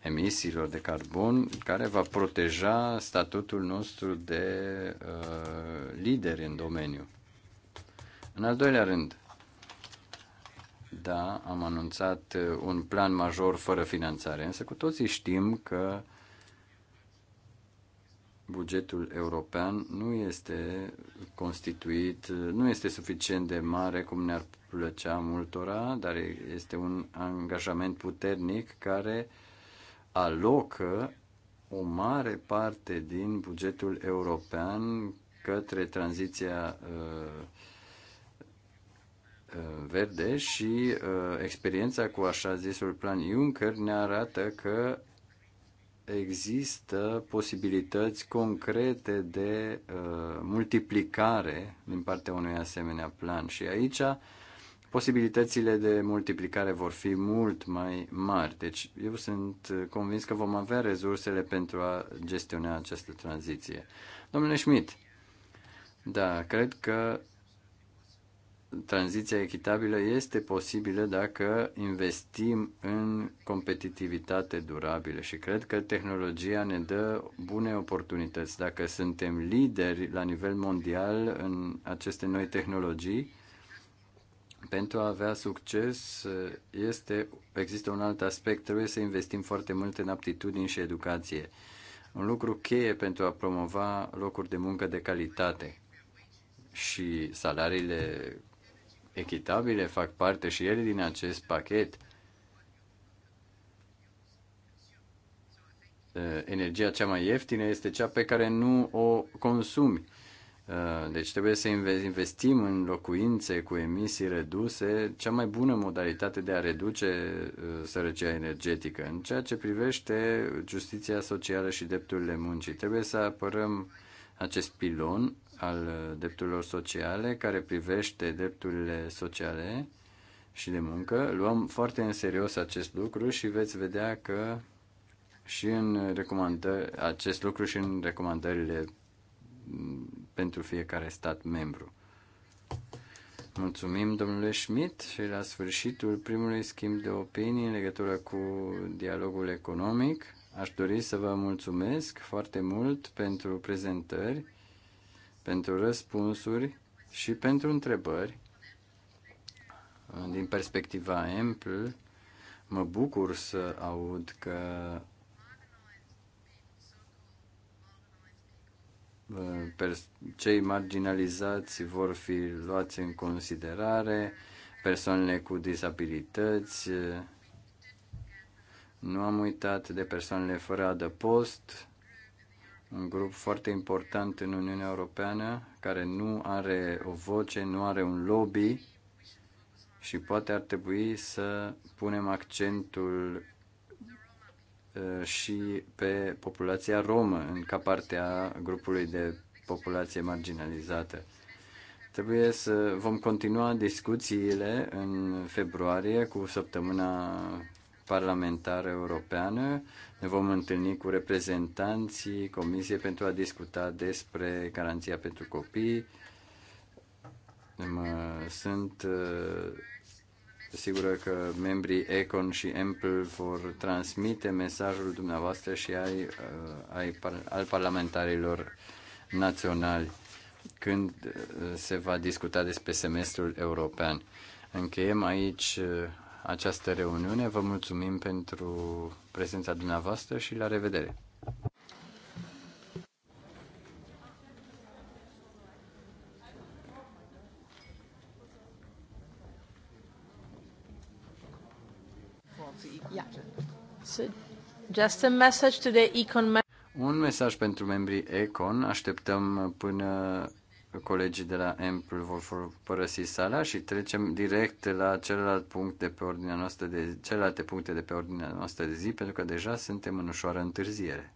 emisiilor de carbon care va proteja statutul nostru de uh, lider în domeniu. În al doilea rând, da, am anunțat uh, un plan major fără finanțare, însă cu toții știm că uh, bugetul european nu este constituit, nu este suficient de mare cum ne-ar plăcea multora, dar este un angajament puternic care alocă o mare parte din bugetul european către tranziția uh, uh, verde și uh, experiența cu așa zisul plan Juncker ne arată că există posibilități concrete de uh, multiplicare din partea unui asemenea plan și aici posibilitățile de multiplicare vor fi mult mai mari. Deci eu sunt convins că vom avea resursele pentru a gestiona această tranziție. Domnule Schmidt, da, cred că tranziția echitabilă este posibilă dacă investim în competitivitate durabilă și cred că tehnologia ne dă bune oportunități. Dacă suntem lideri la nivel mondial în aceste noi tehnologii, pentru a avea succes este, există un alt aspect, trebuie să investim foarte mult în aptitudini și educație. Un lucru cheie pentru a promova locuri de muncă de calitate și salariile echitabile fac parte și ele din acest pachet. Energia cea mai ieftină este cea pe care nu o consumi. Deci trebuie să investim în locuințe cu emisii reduse, cea mai bună modalitate de a reduce sărăcia energetică. În ceea ce privește justiția socială și drepturile muncii, trebuie să apărăm acest pilon al drepturilor sociale care privește drepturile sociale și de muncă. Luăm foarte în serios acest lucru și veți vedea că și în recomandări, acest lucru și în recomandările pentru fiecare stat membru. Mulțumim, domnule Schmidt, și la sfârșitul primului schimb de opinii în legătură cu dialogul economic, aș dori să vă mulțumesc foarte mult pentru prezentări pentru răspunsuri și pentru întrebări. Din perspectiva Ample, mă bucur să aud că cei marginalizați vor fi luați în considerare, persoanele cu dizabilități, nu am uitat de persoanele fără adăpost, un grup foarte important în Uniunea Europeană care nu are o voce, nu are un lobby și poate ar trebui să punem accentul uh, și pe populația romă în ca parte a grupului de populație marginalizată. Trebuie să vom continua discuțiile în februarie cu săptămâna parlamentară europeană. Ne vom întâlni cu reprezentanții Comisiei pentru a discuta despre garanția pentru copii. Sunt uh, sigură că membrii Econ și Ample vor transmite mesajul dumneavoastră și ai, uh, ai, al parlamentarilor naționali când uh, se va discuta despre semestrul european. Încheiem aici această reuniune. Vă mulțumim pentru prezența dumneavoastră și la revedere! Just a message to the Econ Un mesaj pentru membrii Econ. Așteptăm până colegii de la Ample vor părăsi sala și trecem direct la celălalt punct de pe ordinea noastră de, celelalte puncte de pe ordinea noastră de zi, pentru că deja suntem în ușoară întârziere.